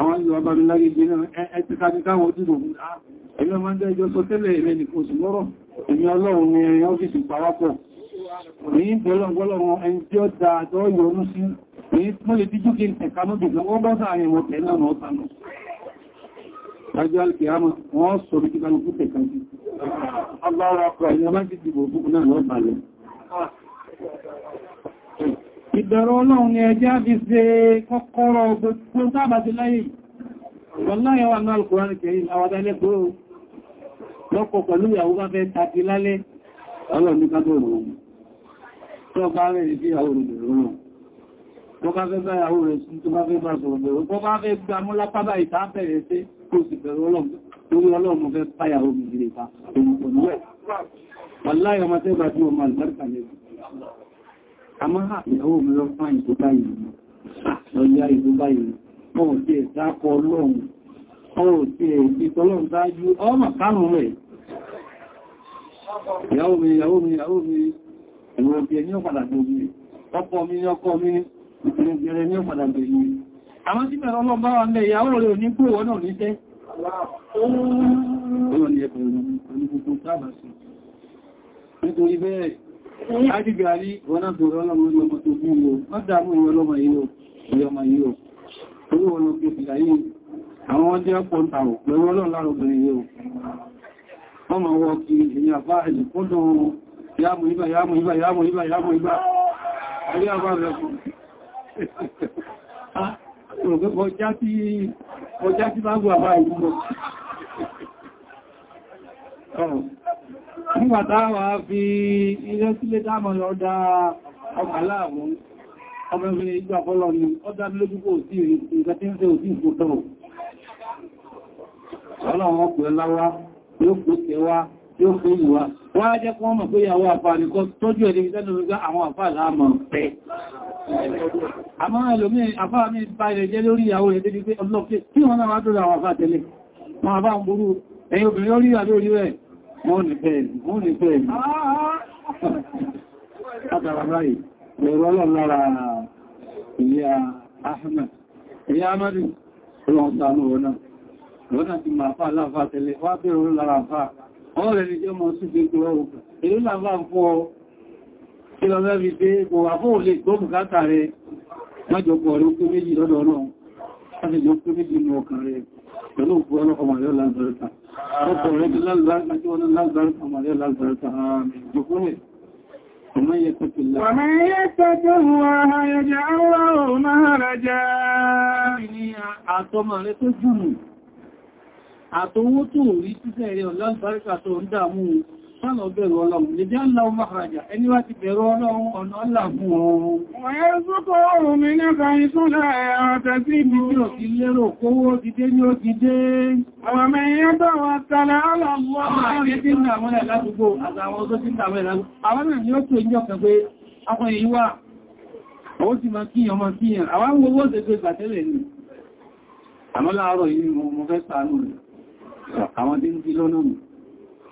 àwọn ìwà bá mi lárí gbé náà ẹ̀ẹ́tì káàkiri káwọn ojú òun ẹ̀mí ọmọ ẹgbẹ́ ìjọ sọ tẹ́lẹ̀ ẹ̀mẹ́ nìkan sì lọ́rọ̀ ẹ̀mí ọlọ́run ni ẹ̀yìn ọ́fíìsì pàwápọ̀ ní ìbẹ̀lọ́gbọ́lọ́run ẹni tí ó dáa tó yọrún sí ní mọ́lẹ̀ tí jókè ẹ̀ka mọ́bì gan wọ́n bọ́ sáàrin wọn tẹ̀lá náà tánà lájọ́ alìkìyàmọ́ wọ́n sọ ti dìbò fún náà lọ́pàá lẹ́ ìbẹ̀rọ ọlọ́run ni ẹjẹ́ bí ṣe kọ́kọ́rọ̀ gbogbo sábàtí láyé wọláyẹwà náà Al-Qur'an Karim àwádálẹ́gbòó lọ́kọ̀ pẹ̀lú ìyàwó bá fẹ́ tàbí lálẹ́ ọlọ́run ní kádọ̀ òun tó bá rẹ̀ ní bí àwọn olùdòrò tó bá fẹ́ báyàwó rẹ̀ sí tó bá fẹ́ bá sọ̀rọ̀ tó bá fẹ́ gbà mú lápábà ìta bẹ̀rẹ̀ sí kò sì àmọ́ ìyàwó mi lọ fún àìkó báyìí lọ́yá ìlú báyìí wọ́n ò tí ẹ̀ dákọ ọlọ́run wọ́n ò tí ẹ̀ ti tọ́lọ́run dájú ọmọ kánú rẹ̀ ìyàwó mi ìyàwó mi ìyàwó mi ẹ̀wọ̀n ti ẹ̀ ní ọ̀padà gbogbo ọkọ mi ní ọkọ mi ìpínlẹ̀ ní ọ̀padà gbogbo àwọn tí mẹ́rọ ọlọ́run bá wà ń lẹ ìyàwó rẹ̀ ò ní kú ìwọ náà níṣẹ́ Ọlọ́run ni ẹ̀bẹ̀rẹ̀ ní gbogbo tábà sí. Nítorí bẹ́ẹ̀ Àti gàrí wọ́nà tó rọ́lọ́mọ fún ìwò, nígbàtàwà fi ilé sílé dámọ̀ lọ dá ọmọ aláàmú ọmọbìnrin ìgbà fọ́lọ ni ó dámi lójú kò sí ìrìnkà tí ń fẹ́ òsì ìfòtọ̀rọ̀ ọlọ́run ọkùnrin láwá yóò kó tẹwàá yóò fẹ́ ìwà wá jẹ́ kí wọ́n mọ̀ pé ìyàwó àfààníkọ́ tójú ẹ̀lẹ́ ìdánù nígbà àwọn àfààlá mọ̀ pẹ́. àmọ́ ẹlòmí àfàà mi bá ilẹ̀ jẹ́ lórí ìyàwó rẹ̀ débi pé ọlọ́pẹ́ tí wọ́n náà wá tó wọ́n ní bẹ́ẹ̀ wọ́n ní bẹ́ẹ̀ látara báyìí lẹ́rọ ọlọ́lára ìyá Ahmed ìyá Amadu ọlọ́run sánú ọ̀nà lọ́nà ti máa fà láàfà tẹ̀lé wá bẹ̀rẹ̀ ọlọ́lára fà ọ̀rẹ́ ni jẹ́ mọ́ sí gbogbo ọ̀rọ̀ èyí láàfà fún ọ kí lọ mẹ́rin pé kò wà fún òlè gbọ́ bùkátà rẹ májọpọ̀ rẹ pé méjì lọ́dọ̀ náà láti jọ وقرد للذات دون للذات ومن للذات آمين جفوه ومن يتق الله ومن يتق الله يجعل له مهرجا àtọmọ̀ rẹ̀ tó jùlù àtọwó tó rí títẹ̀ rẹ̀ ọ̀lá Ọ̀nà bẹ̀rù ọlọ́run, lè jẹ́ ọlọ́run máa ẹni wá ti bẹ̀rọ ọlọ́run ọ̀nà ọlọ́run ọ̀run. Wọ́n yẹ́ sókò oòrùn mi nípa ìsúnlẹ̀ àtẹ́ sí ibi tí ò ti lérò kówó ti dé ní ó ti dé. Àwọn tí ń lọ́nà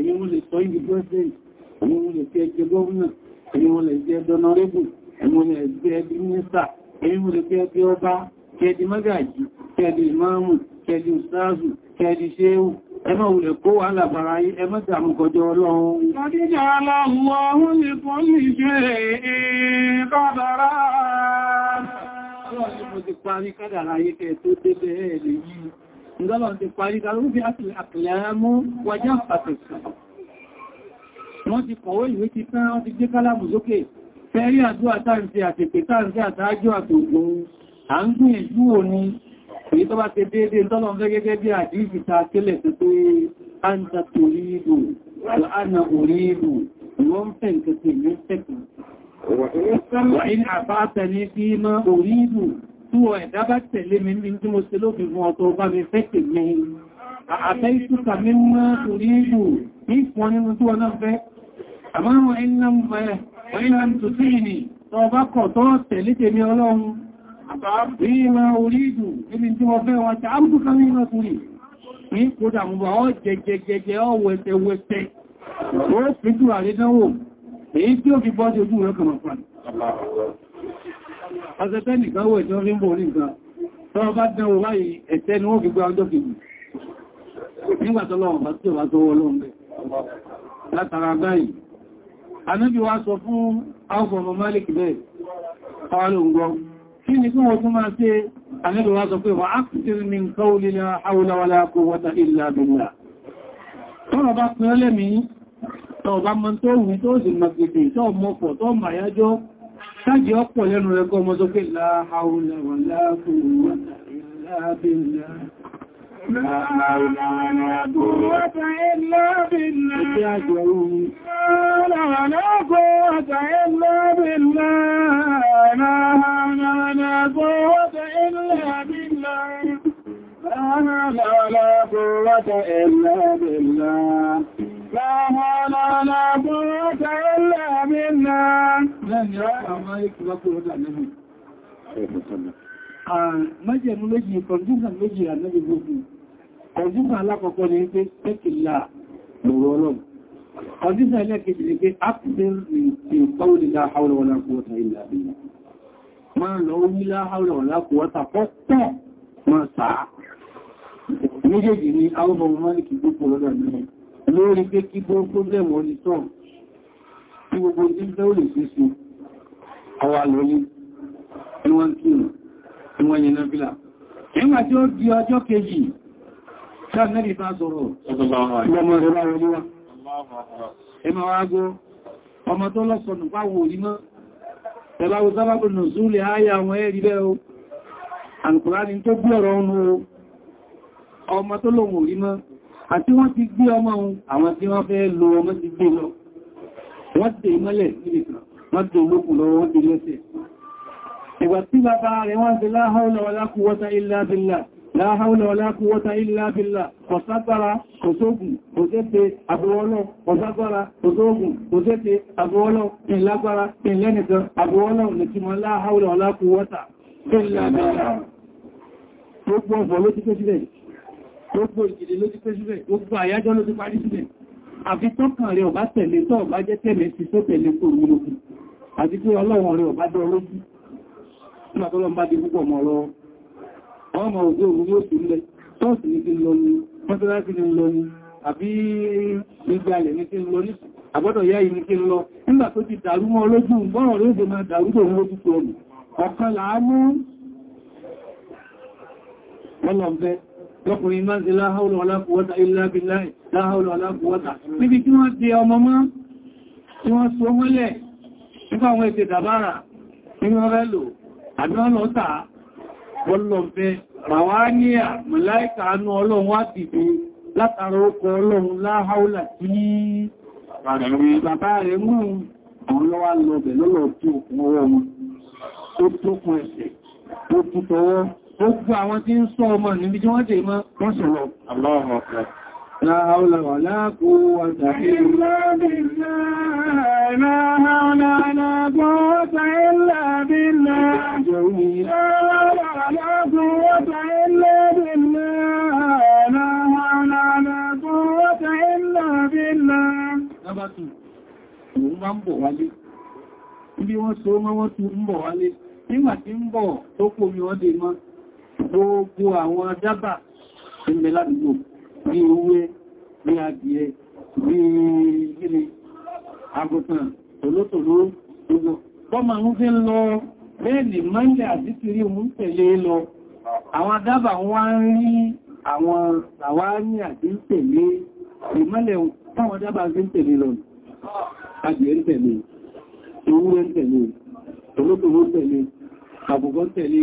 ẹ̀yin wọ́n lè sọ ìdí president ẹ̀yin wọ́n lè fẹ́ ẹgbẹ́ gọ́ọ̀nà ẹ̀yin wọ́n lè jẹ́ dọ́nàrẹ́bù ẹ̀yin wọ́n lè jẹ́ ẹbí mínísà ẹ̀yin wọ́n lè fẹ́ ẹgbẹ́ ọba kẹ́ẹ̀dì mágàjì kẹ́ẹ̀dì ìmáàmù kẹ́ẹ̀dì ustazu kẹ́ẹ̀dì ṣéhù ẹmọ́ òlè kó wà lábàrá yí ẹmọ́ ìdàmù ọlọ́run ti parí kádàrá yí kẹ́ẹ̀ tó débẹ̀ ẹ̀lẹ̀ yìí ìdọ́lọ̀ ti parí darú bí á ti àpìlẹ̀mú wọjá pàtàkì wọ́n ti kọ̀wọ́ ìwé ti fẹ́ wọ́n ti gbé kálàmù sókè fẹ́rí àdúwà táǹsí àti pẹ̀tàǹsí àtàájú àtògùn à ń gbìyànjú òní èyí tó bá ti déédé tọ́lọ̀ fẹ́ gẹ́gẹ́ bí àdíjì ta tẹ́lẹ̀ tó ìlú àlànà orí ìlú wọ́n ní àbáta ní orí ìlú Fúwọ̀ ẹ̀dá bá tẹ̀lé mi ní tí mo ṣe lófin fún ọ̀tọ̀ bá mi fẹ́ tèmi. Àbẹ́ ìtúkà mímọ́ torí ìgbò ní ìfún nínú tí wọ́n fẹ́. Àmọ́ àwọn ìlànà tó sí ìní tọ bá kọ̀ tọ́ tẹ̀lé tèmi ọlọ́run. Àbábí ma orí ìdù níbi tí wọ́n fẹ́ wọn tẹ́ ábùkà mímọ́ torí. Ní kódà mú bá ọ jẹjẹjẹjẹ ọ wẹ̀tẹ̀wẹ̀tẹ̀. Ó fi jù àrídánwò. Èyí tí ó fi bọ́ Azẹ́fẹ́ nìkan wọ̀ ìjọ rí ń bò rí nǹkan. Tọ́rọ bá dẹ̀wò báyìí ẹ̀tẹ́ ni wọ́n fi gbá ọjọ́ kìí. Nígbàtọ́lọ́wọ̀n bá tí ò bá tó wọ́ lọ́wọ́ bẹ̀. Látara báyìí. Anábì wá sọ fún Áwọ̀mọ̀ Malik bẹ́ẹ̀. Ọlọ́ ǹgọ́. Kí ni kí wọ́n tún máa ṣe Anábì wá sọ pé wà ákùtìr min qawli la hawla wala quwwata illa billah. Tọ́rọ bá pẹ́ lẹ́mìí, tọ́ bá mọ́ tó wù tó sáàjì ọ̀pọ̀ lẹ́nu rẹ̀ kọ́ ọmọ tó pé láàáhùlẹ̀ wà láàáhùlẹ̀ wà láàáhùlẹ̀ wà láàáhùlẹ̀ لا حول ولا قوة إلا بالله Májẹ̀mú méjì kọ̀dúnfà méjì ànábì gbogbo. Kọ̀dúnfà alákọ̀ọ́kọ́ ni pé tẹ́kìlá lọ́rọ̀ ọlọ́run. Kọ̀dúnfà ẹlẹ́kẹ̀ẹ́jì ni pé ápùsẹ́rì ìpáwọlì láháwọ̀lá wọlá kúwọ́ta ilẹ̀ àbíyà. Máa lọ orí láháwọ̀lá wọlá kúwọ́ta pọ́pọ̀ máa sàá. Méjèèjì ni àwọn ọmọ lórí pé kí bó pọ́blẹ̀mù orí tán tí gbogbo tí ń tẹ́wò lè fi sí ọwà lórí ẹwọ́n tí ó ẹwọ́n yẹn náà fílà ẹgbà tí ó di ọjọ́ kejì sáàmẹ́rì bá sọ̀rọ̀ ọmọ rẹ̀ bá wọlé wá ẹmà wá gọ́ ọmọ tó lọ́sọ̀nù páwò orí mọ́ ẹbá wo sábàbù nù súlẹ̀ áyà àwọn ẹ̀rí bẹ́ o alùkùnrin tó gbé ọ̀rọ̀ ọmọ tó lòun orí mọ́ àti wọ́n ti gbé ọmọ ohun àwọn tí wọ́n fẹ́ lo ọmọ ti gbé lọ wọ́n tẹ mọ́lẹ̀ sílẹ̀ kan wọ́n tẹ olókùn lọ wọ́n tẹ lẹ́sẹ̀ ìgbà tí bàbá rẹ̀ wọ́n ti la hawla wala quwwata illa billah la hawla wala quwwata illa billah kò ságbára kò sóògùn kò tẹ́tẹ́ àbúwọ́lọ́ kò ságbára kò sóògùn kò tẹ́tẹ́ àbúwọ́lọ́ ìlágbára ìlẹ́nìkan àbúwọ́lọ́ nìtìmọ̀ gbogbo ọ̀fọ̀ ló ti pẹ́ sílẹ̀ gbogbo ìjìdè ló ti pé síbẹ̀ gbogbo àyájọ́ ló ti parí síbẹ̀ àfi tọ́kàn rẹ̀ ọ̀bá tẹ̀lé tọ́ ọ̀bá jẹ́ tẹ̀lé sí tó tẹ̀lé kò mú lókù àti pé ọlọ́run rẹ̀ ọ̀bá dọ́ lójú nígbàtọ́lọ́n bá di púpọ̀ mọ̀ lọ ọmọ òjò òun yóò sí lẹ tọ́ọ̀sì ní ti lọ ní mọ́sálásí ní lọ ní àbí ìgbàlẹ̀ ní ti lọ ní àbọ́dọ̀ yá yìí mọ́ lójú bọ́rọ̀ ló lọ́kùnrin máa ń ṣe láháùlù aláàkùwọ́ta ilá bíláì láháùlù aláàkùwọ́ta níbi tí wọ́n ti ọmọ mọ́ tí wọ́n so mọ́lẹ̀ nípa àwọn ètè dàbára ní wọ́n rẹ̀ lò àdánlọ́ta bọ́lọ̀fẹ́ gbogbo àwọn tí ń sọ ọmọ níbi tí wọ́n tèé mọ́ wọ́n sọ lọ La haula wala quwwata illa billah La haula wala quwwata illa billah La haula wala quwwata illa billah La haula wala quwwata illa billah Lábátù, òun bá ń bọ̀ wálé. Ibi wọ́n so mọ́ wọ́n tún ń bọ̀ wálé. Nígbà tí ń bọ̀ tó kò mi wọ́n dè máa gbogbo àwọn dábà ilẹ̀ ládùgbò bí owó bí adìẹ bí gíní àgùntàn tòlótòló gbogbo bọ́mà ń fi lọ bẹ́ẹ̀lì mọ́lẹ̀ àti kiri mú tẹ̀lé e lọ àwọn dábà wọ́n rí àwọn àwárí àti tẹ̀lé e. ìmọ́lẹ̀ táwọn dábà fi tẹ̀lé e lọ adìẹ tẹ̀lé owó tẹ̀lé tòlótòló tẹ̀lé àgùntàn tẹ̀lé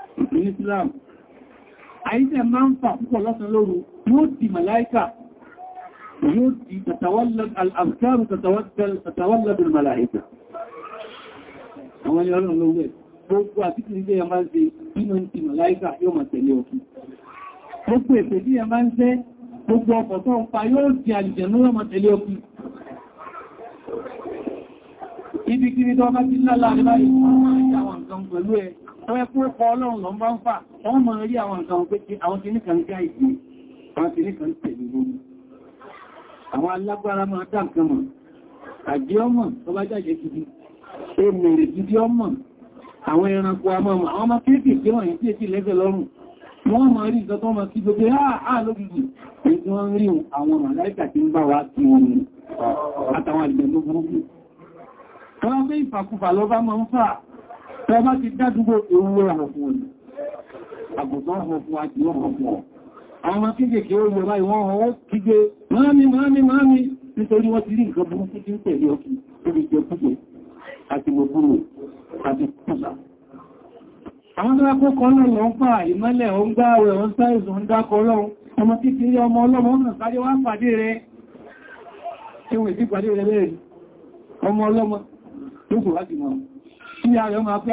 ní Islam àìsẹ̀ máa ń fà púpọ̀ lọ́sàn lóru yóò di màláíkà yóò di al'afkaru tàtàwàlàbìn màláíkà àwọn ìyọ́rùn lówẹ́ gbogbo àti tí ilé ẹmà ń ṣe inú ti màláíkà yóò máa tẹ̀lé òkú gbogbo èfè bí ẹmà ń ṣe gbogbo ọkọ̀ tó ń pa yóò di àlìjẹ̀nú yóò máa tẹ̀lé òkú tọ́wẹ́ pé ọkọ̀ ọlọ́run lọ bá ń fà wọ́n mọ̀ rí àwọn nǹkan pé àwọn tí nìkan já ìgbé àwọn tí nìkan tẹ̀lú lórí àwọn alágbára máa dá mọ̀ àjẹ́ ọmọ tó bá jáde gidi èmèrè gidi ọmọ àwọn ẹranko amọ́mọ̀ ọmọ àwọn màláìkà tí ń bá wa kí wọn Tẹ́ bá ti dádúgbò ewúrẹ́ àwọn fún òní. Àgùntàn ọmọ fún àti ọmọ fún ọ. Àwọn kéèkéé ó yọ báyìí wọ́n ọwọ́ kígbe, "Máàmì, máàmì, máàmì!" nítorí wọ́n ti rí nǹkan burúkú tí ń tẹ̀lé ọkì lórí jẹ púpọ̀ àti mọ̀búrò àti púpà. Àwọn tó rákó kan náà lọ ń fà ìmọ́lẹ̀ ọ ń gbá ọ̀rẹ̀ ọ ń sáìsùn ń dákọ ọlọ́run, ọmọ kékeré ọmọ ọlọ́mọ ọ̀nà sáré wá pàdé rẹ̀ tí wọ́n ìdí pàdé rẹ̀ bẹ́ẹ̀ ọmọ ọlọ́mọ tó láti mọ̀ kí a rẹ̀ tó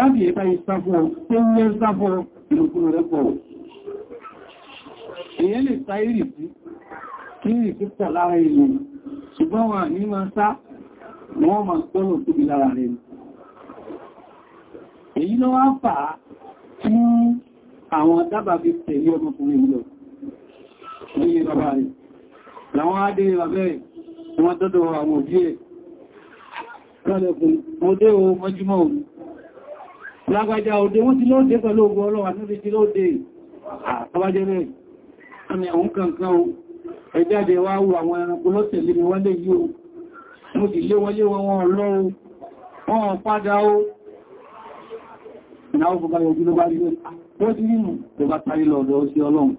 ah, ń lẹ́ sáfún wọn ìlúkúrò èyẹ́ lè sá ìrì sí kí ìrì sí pọ̀ lára ilẹ̀ ṣùgbọ́n wọn ní máa sá wọ́n máa gbọ́nà tóbi lára rẹ̀ èyí lọ́wọ́ fà tí àwọn dábà fi tẹ̀lé ọmọkùnrin ìlọ ní bàbá rẹ̀ láwọn adé rẹ̀ wọ́n tọ́dọ̀ àwọn òbí ẹ̀ kọ́lẹ̀kùn ọdé o mọ́júmọ́ òun lágbàjá òde wọ́n ti lóòdé pẹ̀lú ogun ọlọ́wà níbi ti lóòdé àbájẹ́rẹ́ àmì àwọn kankan ẹjáde wá wo àwọn ẹranko lọ́tẹ̀lé mi wọ́n lè yí o mo sì lé wọlé wọn wọn lọ́rùn wọn padà ó ìnáwó fọ́gbáyọ̀ ogun ló bá rí lórí pọ́dínínú tó bá parí lọ́dọ̀ sí ọlọ́run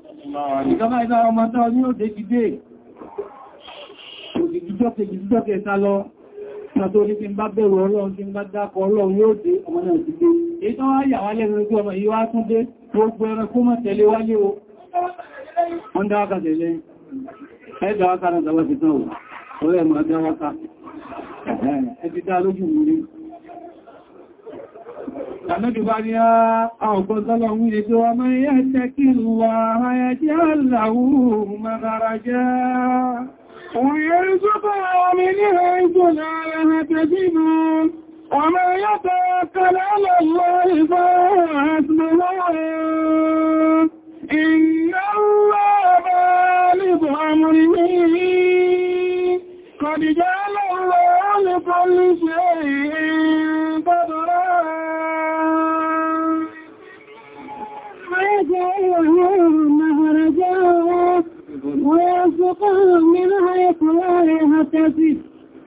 ìjọba ìdá ọmọ tó ní ó dé ti dé òjìjíjọ́ kejìjíjọ́ kẹta lọ tàbí orí tí ń bá bẹ̀rù ọlọ́run tí ń bá dákọ̀ ọlọ́run yóò dé ọmọ náà ti dé èyí tó wá yà wá lẹ́nu ojú ọmọ yìí wá tún dé gbogbo ẹran kó mọ̀ tẹ̀lé wáyé o wọ́n dáwákà tẹ̀lé ẹ̀dáwákà náà dáwá ti tán ò ọlẹ́ mọ̀ dáwákà ẹ̀ ti dá lójú mi Ànábì bá ní àwọn tọ́lọ ń wúye tó wá mọ́ yẹ́ tẹ́kí lọ ààrẹ tí a láwú mẹ́rara jẹ́. Òun yẹ́ rí sọ́bọ̀ àmì ní ẹ̀ẹ́gbò lára àtẹ́sí mọ́. Ọmọ yẹ́ tẹ́ kọlá lọ́lọ́ ìfẹ́ مقام منها يطلع يهتزف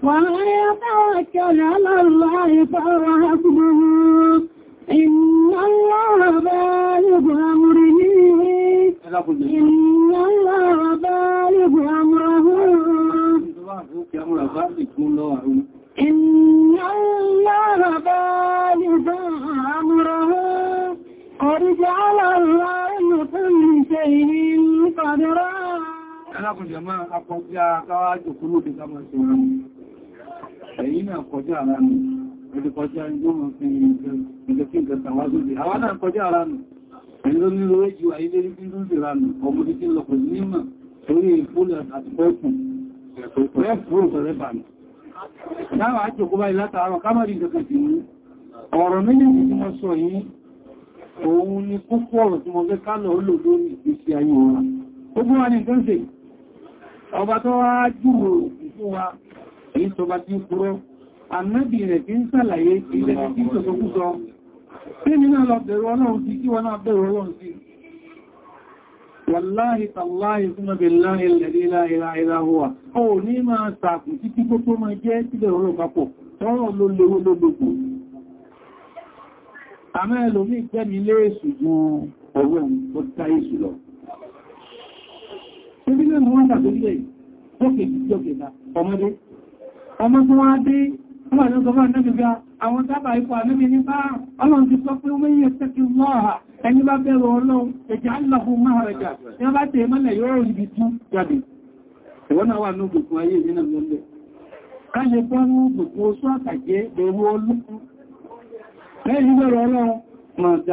ولا يتوكل على الله فهو حسبه إن الله بالغ أمره إن الله بالغ أمره إن الله بالغ أمره قد جعل الله كل شيء alákùnjẹ máa akọjá káwà jòkó lóde sáma ṣe rán ẹ̀yìn náà kọjá ara nù ẹ̀dẹ̀ kọjá ẹjọ́ mọ̀ sí ìjọkí nǹkan tàwà lóde àwọn náà kọjá ara nù ẹ̀yìn tó nílò ẹjù ayílé ní bíndú sí ra nù ọmọ ní kí lọkọ̀ nímọ̀ torí ìfúlẹ̀ àti pẹ́kùn ọ̀rọ̀ méjèèjì tí wọ́n sọ yìí òun ni kókó ọ̀rọ̀ tí mo fẹ́ ká lọ lò lórí ìgbésí ayé wọn. Ó bú wa ní nǹkan ṣe, ọba tó wá jùrò fún wa èyí tó bá tí ń kúrò ànábì rẹ̀ tí ń sàlàyé ilẹ̀ tí ń tọ́tọ́ kú sọ tí mi náà lọ bẹ̀rù ọlọ́run sí kí wọ́n náà bẹ̀rù ọlọ́run sí wàláhì tàláhì fún ọbẹ̀ láàrin lẹ̀rẹ̀ láìra ìra hùwà ó ní máa sàkùn sí kí tó tó máa jẹ́ sílẹ̀ ọlọ́run papọ̀ tọ́rọ ló lówó lólógbò àmẹ́ ẹlòmí jẹ́mi lé èsù gan ọwọ́ òun tó lọ pé mo wọ́n tàbílẹ̀ lókè ìjọkẹta ọmọdé ọmọ tó wá dé wọ́n ló gọmọ́ nẹ́gbẹ̀gbẹ̀ àwọn tábà ipò àmìmì nípa ọlọ́run ti sọ pé tẹ́kì ẹni bá bẹ̀rọ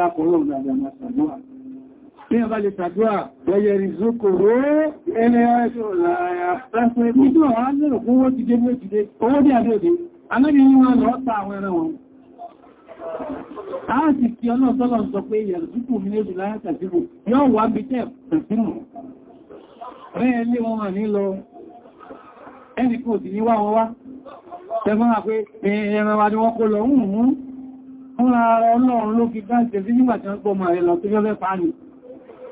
ọlọ́run tí a bá lè tàdúrà wọ́yẹ̀ ìrìnzókò ró ẹni ẹ̀ṣọ́ láyá. Ẹ̀ṣọ́ ìbí tí wọ́n á lérò fún owó ti dé bí ó ti dé, owó ní àdé òdé, anábi ní wọ́n lọ ta àwọn ẹran wọn. Táà sì kí ọlọ́ọ̀tọ́lọ́ sọ pé ìyẹ̀rùsúkù mi lójú láyá tàbíbù yóò wá bí tẹ́ tàbíbù. Bẹ́ẹ̀ lé wọn wà ní lọ, ẹni kò sì ní wá wọn wá. Tẹ́gbọ́n wà pé ẹran wa ni wọ́n kó lọ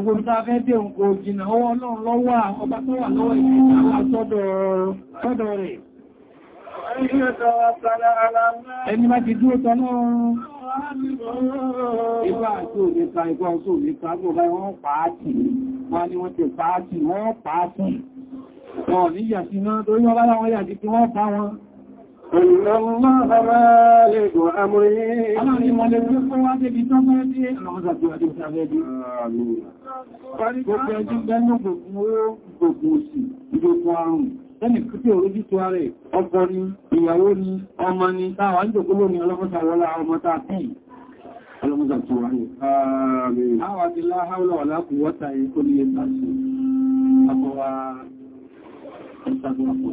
Gbogbo tó fẹ́ dé òǹkò jìnà ọwọ́ ọlọ́run lọ́wọ́ ọba tó wà lọ́wọ́ ìgbìyànjú rẹ̀. Ẹni má ti dúró tọ́ náà Ìgbà àti òmìta, ìgbà àti òmìta, gbogbo ni wọ́n ti pàátì, wọ́n wọ́n níyà sí wọ́n bá láwọn wọ́n pa Ẹni kúté orójú tó rẹ̀, ọkọ ni, ìyàwó ni, ọmọ ni, táwà ń jòkó lónìí ọlọ́pọ̀ta wọ́lá ọmọ tàà tí ọlọ́pọ̀ta tó wà ní. Àwọn àti láháúlọ̀ ọ̀lápùwọ́ta ẹ̀kọ́ ní ẹgbà sí, àkọwà ẹ̀sàgbà pọ̀.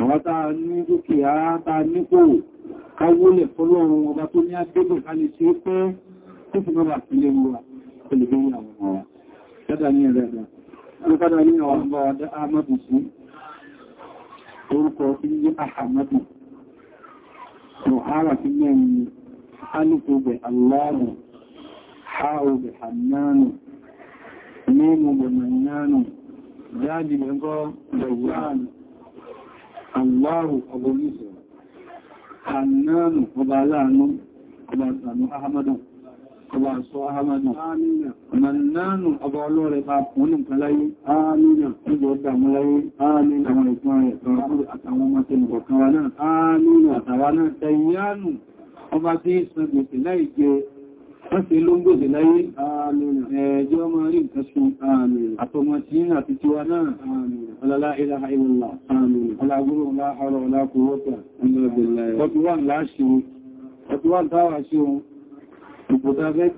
àwọn táa ní dúkìá táa nípò káwólẹ̀ fọ́lọ́run ọba tó ní àgbébò ká lè ṣe pé tó fi mọ́bà sílé wa olùgbéyìn àwọn ọmọ wa dádà ní ẹ̀rẹ́dà alùkádà ní àwọn ọmọ ọdá amadu sí orúkọ tí yí ahamadu ṣùhárà tí mẹ́rin alùkò bẹ̀ ń gọ́ bẹ̀ yáàlù Allahu ọba oníṣẹ́ Hannanu ọba aláàánú ọba àtànú Ahamadu ọba àṣọ Ahamadu Mannanu ọba ọlọ́rẹ̀ bá fún ní nǹkan láyé Amina nígbà ọdá mú láyé Amina àwọn ìtàn rẹ̀ àtàwọn ọmọ tẹnukọ̀kan wa náà Amina àtàwà Mọ́sí ló ń gbòdè láyé, ẹjọ́ máa rí nǹkan sí, àtọmọ tí ní àti tí wá náà, ọlọ́lá ilaha illallah, ọlágúrò ńlá ọ̀rọ̀ ọlá kò wọ́pẹ̀, ọdúnwà ńlá ṣe ohun, ọdúnwà dáwà ṣe ohun, ìpòtà fẹ́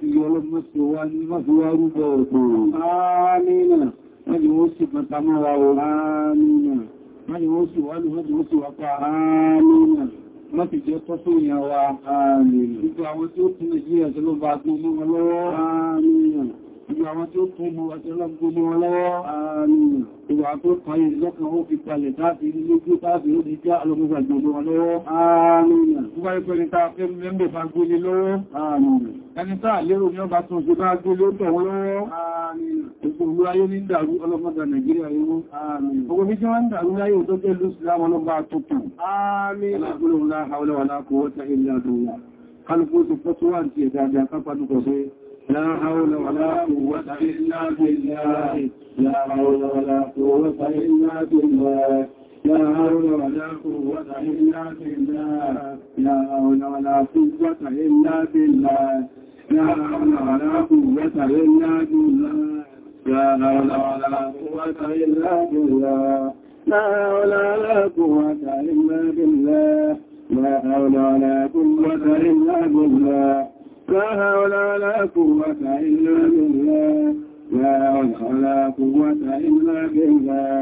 láti jẹ́ tọ́tò ìyàn wa gbogbo àwọn tí ó tún Nàìjíríà tí ló bá gbogbo wọn lọ́wọ́ gbogbo àwọn tí ó tún mọ́ wa tí ó gbogbo wọn lọ́wọ́ ìwà tó kan yìí lọ́kàn ó fi palẹ̀ láti lójú táàbí ó di já alọ́gbogbo gbogbo wọn lọ́wọ́ gbogbo ìpẹni ta fẹ́ mẹ́mbẹ̀ bá gbogbo Gbogbo ayé ní dàrú ọlọ́pàá Nàìjíríà irú. Gbogbo bí kí wọ́n ń dàrú láyé tó jẹ́ lóṣù láwọn ọlọ́pàá tuntun. Àmín. Ọlọ́pàá la hawla wala quwwata illa billah. Kálùkú tó pọ́ tó wà ní ẹ̀dájá kápàdùkọ̀ sí. La hawla wala quwwata illa billah. La hawla wala quwwata illa billah. لا حول ولا قوة إلا بالله لا حول ولا قوة إلا بالله لا حول ولا قوة إلا بالله لا حول ولا قوة إلا بالله لا حول ولا قوة إلا بالله لا حول ولا قوة إلا بالله لا حول ولا قوة إلا بالله لا حول ولا قوة إلا بالله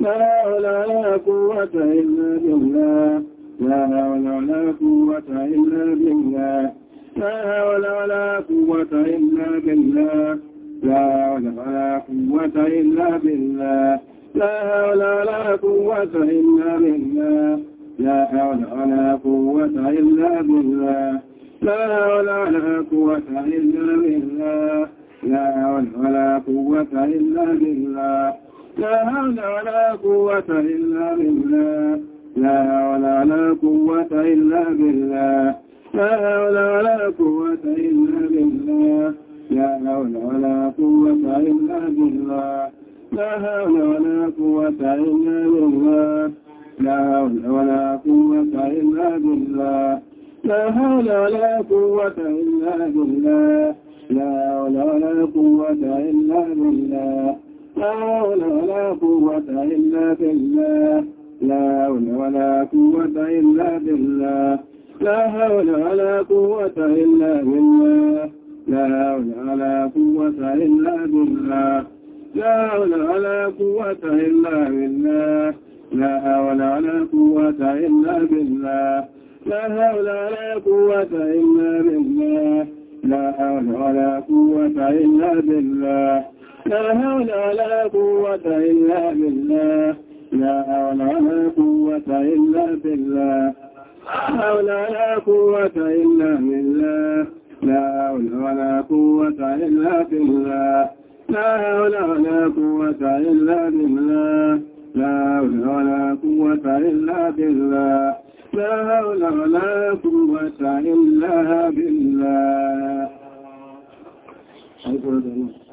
لا حول ولا قوة إلا بالله لا حول ولا قوة إلا بالله لا حول ولا قوة إلا بالله لا حول ولا قوة إلا بالله لا حول ولا قوة إلا بالله لا حول ولا قوة إلا بالله لا حول ولا قوة إلا بالله لا حول ولا قوة إلا بالله لا حول ولا قوة إلا بالله لا حول ولا قوة إلا بالله لا حول ولا قوة إلا بالله لا حول ولا إلا بالله لا هول ولا قوة إلا بالله لا هول ولا قوة إلا بالله لا هول ولا قوة إلا بالله لا هول ولا قوة إلا بالله لا هول ولا قوة إلا بالله لا هول ولا قوة إلا بالله لا هول ولا قوة إلا بالله لا حول ولا قوة إلا بالله لا حول ولا قوة إلا بالله لا حول ولا قوة إلا بالله لا حول ولا قوة إلا بالله لا حول ولا قوة إلا بالله لا حول ولا قوة إلا بالله لا حول ولا قوة إلا بالله لا حول ولا قوة إلا بالله لا حول ولا قوة إلا بالله لا حول ولا قوة إلا بالله لا حول ولا قوة إلا بالله لا حول ولا قوة إلا بالله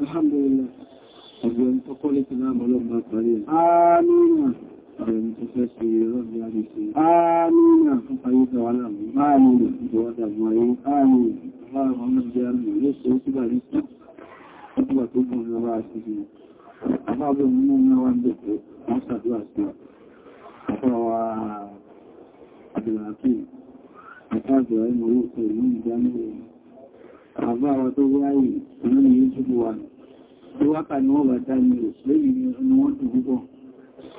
الحمد لله أجل تقول إسلام ولما قليل آمين أجل تسلسي رب العزيز آمين أيضا ونعم آمين جواد أجمعين آمين Àbára tó wáyé lórí YouTube wa tó wákà ní wọ́n bá dá ní òṣèlú ní ọdún wọ́n tó púpọ̀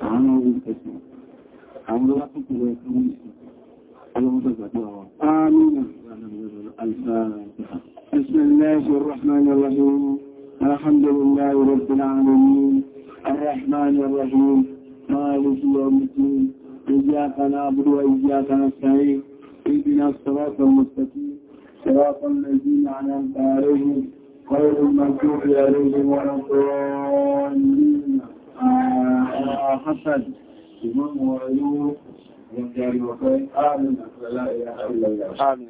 àwọn ogun ẹ̀sìn àwọn olówá tó kúrò ẹ̀kùn ìsìn ọlọ́wọ́n tó gbàdúrà wọn. Àmín. الله الرحمن الرحيم الحمد لله رب العالمين الرحمن الرحيم مالك يوم الدين إياك نعبد وإياك نستعين اهدنا الصراط المستقيم صراط الذين أنعمت عليهم غير المغضوب عليهم ولا الضالين آه، حسن إمام وعلوم وجاري وخير آمين لا إله إلا الله آمين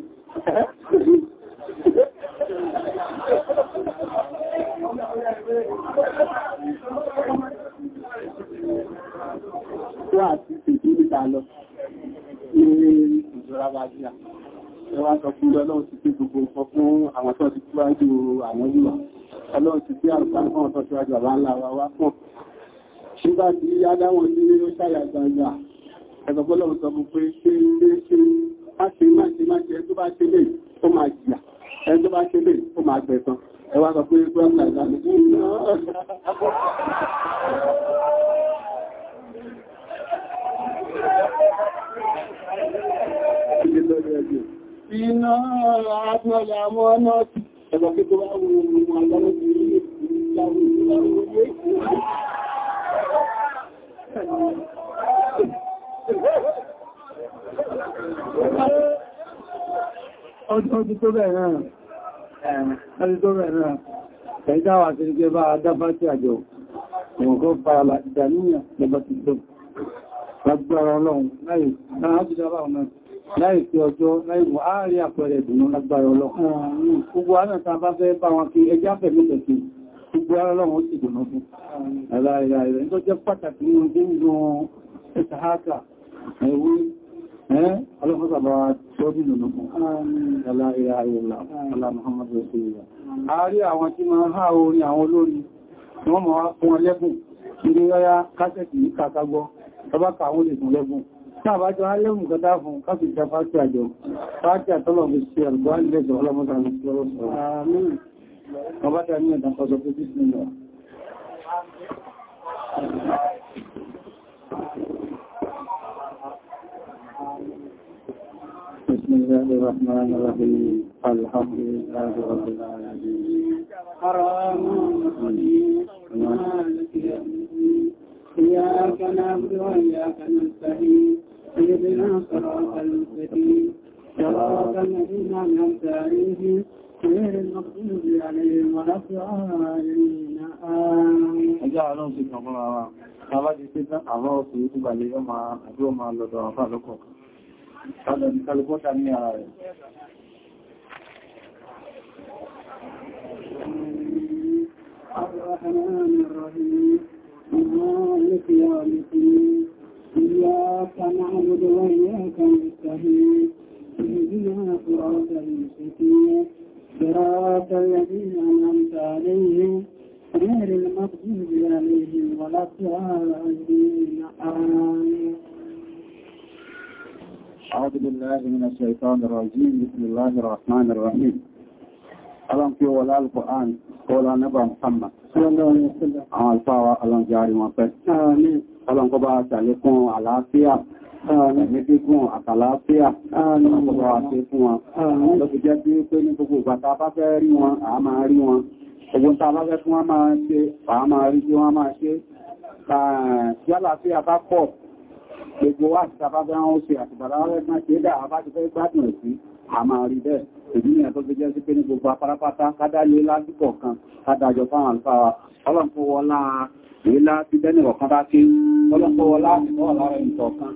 Wọ́n àti ìtìjú níta lọ ní ìjọra bá jíà. Ẹwà sọ fún ọlọ́run ti pé gbogbo nǹkan fún àwọn tó ti tíwájú àwọn ìwà. Ọlọ́run ti pé àrùkà fún ọ̀tọ́ tíwájú àbá ní ó ṣàyà gbangba, ẹgbẹ̀gbọ́lọ́run sọ fún pé ṣe ń lé ṣe ń má ṣe má ṣe má ṣe ẹjọ́ bá ṣe lè ó máa jìyà ẹjọ́ bá ṣe lè ó máa gbẹ̀san ẹwà sọ pé gbọ́nà ìlànà Iná àgbọ̀lẹ̀ Ọdún tó bẹ̀rẹ̀ náà, ẹ̀rìn tó bẹ̀rẹ̀ náà, ẹ̀dá wà sí pé bá adábá tí àjọ, ìwọ̀n kọ́ ìdàníyàn lọ́bá ti tó. Lágbára Ọlọ́run láì sí ọjọ́ láì wọ́n àárí àpẹẹrẹ ìdùnnú lágbára Ọlọ́run. Gbogbo ọlọ́pọ̀sàbà ṣọ́bí lòlò fún ààrẹ ìlà ìwòlà aláàmùhammadu rasulullah ààrí àwọn tí ma ń há orin àwọn olóri wọ́n ma wá fún ọlẹ́bùn ilé rọ́yá kásẹ̀tì ní kàkàgbọ́ ọba kàwọn lè fún lẹ́bùn sáàbájọ́ alẹ́bùn kọta fún káfíjà fásí àjọ fásí àtọ́lọ̀gbé sí àrùgbá ilẹ̀jọ ọlọ́mọdà ní ọlọ́sọ̀rọ̀ ọba tẹ́ ní sí بسم الله الرحمن الرحيم الحمد لله رب العالمين حرام قديم مالك يوم الدين إياك نعبد وإياك نستعين اهدنا الصراط المستقيم صراط الذين أنعمت عليهم غير المغضوب عليهم ولا الضالين آمين. أجعلهم ذكر الله. Àwọn ọ̀sẹ̀ ìtúbalẹ̀ yóò máa lọ́dọ̀ àwọn àfáà lọ́kọ̀ọ̀kan. Kalau kalau Allahumma rabbi, Allahumma ya ya Allahumma ya Allahumma ya Allahumma ya Allahumma ya Allahumma ya Allahumma ya Allahumma ya Allahumma ya ya أعوذ بالله من الشيطان الرجيم بسم الله الرحمن الرحيم ألم في ولا القرآن ولا نبع محمد صلى الله عليه وسلم àwọn alfáwa ọlọ́n jari wọn fẹ́ ọlọ́n kó bá ṣàlékún àlàáfíà ẹ̀mí gígùn àtàlàáfíà ọlọ́n kó bá wà sí fún wọn ló fi jẹ́ bí pé ní gbogbo ìgbà tá bá fẹ́ rí wọn àá máa rí wọn ogun tá bá fẹ́ fún wọn máa ṣe àá máa rí kí wọ́n máa ṣe yálà sí àbá pọ̀ gbogbo wá ti tàbádá wọn ṣe àtìbàrá rẹ̀gbọ́n ṣe dà àbá ti fẹ́ gbádùn sí àmà rí bẹ́ẹ̀ èdè ní ẹ̀tọ́ tó jẹ́ sí pé ní gbogbo apárápátá kádálé lásìkò kan kádájọ fáwọn àlùfáà ọlọ́pọ̀wọlá ìlá ti bẹ́ẹ̀nì ọ̀kan bá kí ọlọ́pọ̀wọlá àti bọ́ọ̀ lára ìtọ̀kan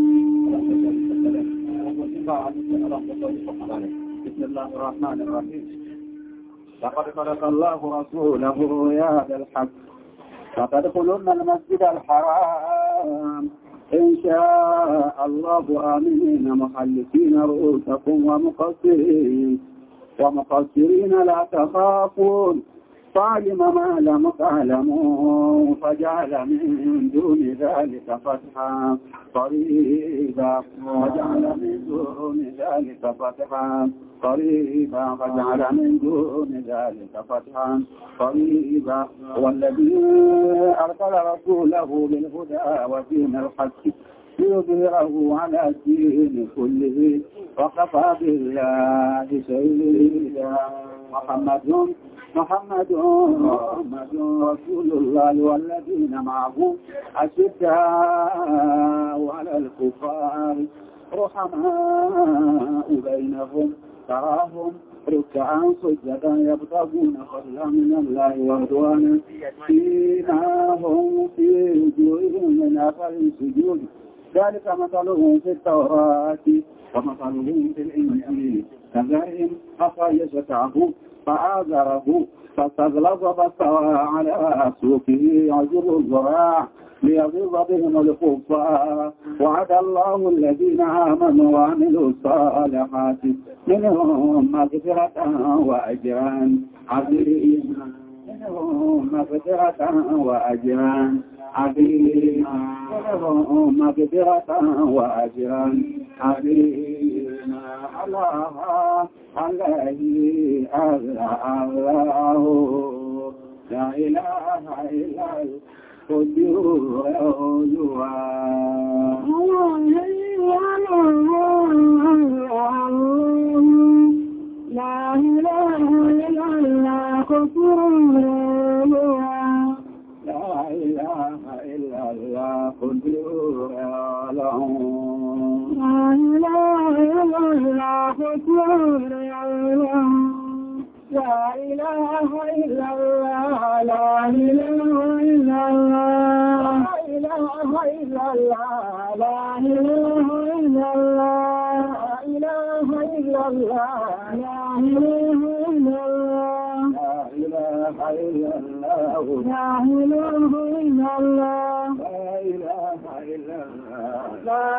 بسم الله الرحمن الرحيم لقد خلق الله رسوله يا ذا الحق فتدخلن المسجد الحرام إن شاء الله آمنين محلقين رؤوسكم ومقصرين ومقصرين لا تخافون فعلم ما لم تعلموا فجعل من دون ذلك فتحا قريبا وجعل من دون ذلك فتحا قريبا فجعل من دون ذلك فتحا قريبا والذي أرسل رسوله بالهدى ودين الحق ليظهره على الدين كله وكفى بالله سيدا محمد محمد محمد رسول الله والذين معه أشداء على الكفار رحماء بينهم تراهم ركعا سجدا يبتغون فضلا من الله ورضوانا فيما هم في وجوههم من أثر السجود ذلك مثلهم في التوراة ومثلهم في الإنجيل كزرع أخرج شتعه فآذره فاستغلظ فاستوى على سوقه يعجب الزراع ليغيظ بهم الكفار وعد الله الذين آمنوا وعملوا الصالحات منهم مغفرة وأجرا عظيما ولهم مغفرة وأجرا عظيما ولهم مغفرة وأجرا عظيما الله عليه أغلى الله لا إله إلا القدور أولوى الله الله الله لا إله إلا الله كفر لها لا إله إلا الله كفر لهم لا إله إلا الله كفر لهم لا إله إلا الله لا إله إلا الله لا إله إلا الله لا إله إلا الله إله إلا الله لا إله إلا الله لا إله إلا الله لا إله إلا الله لا إله إلا الله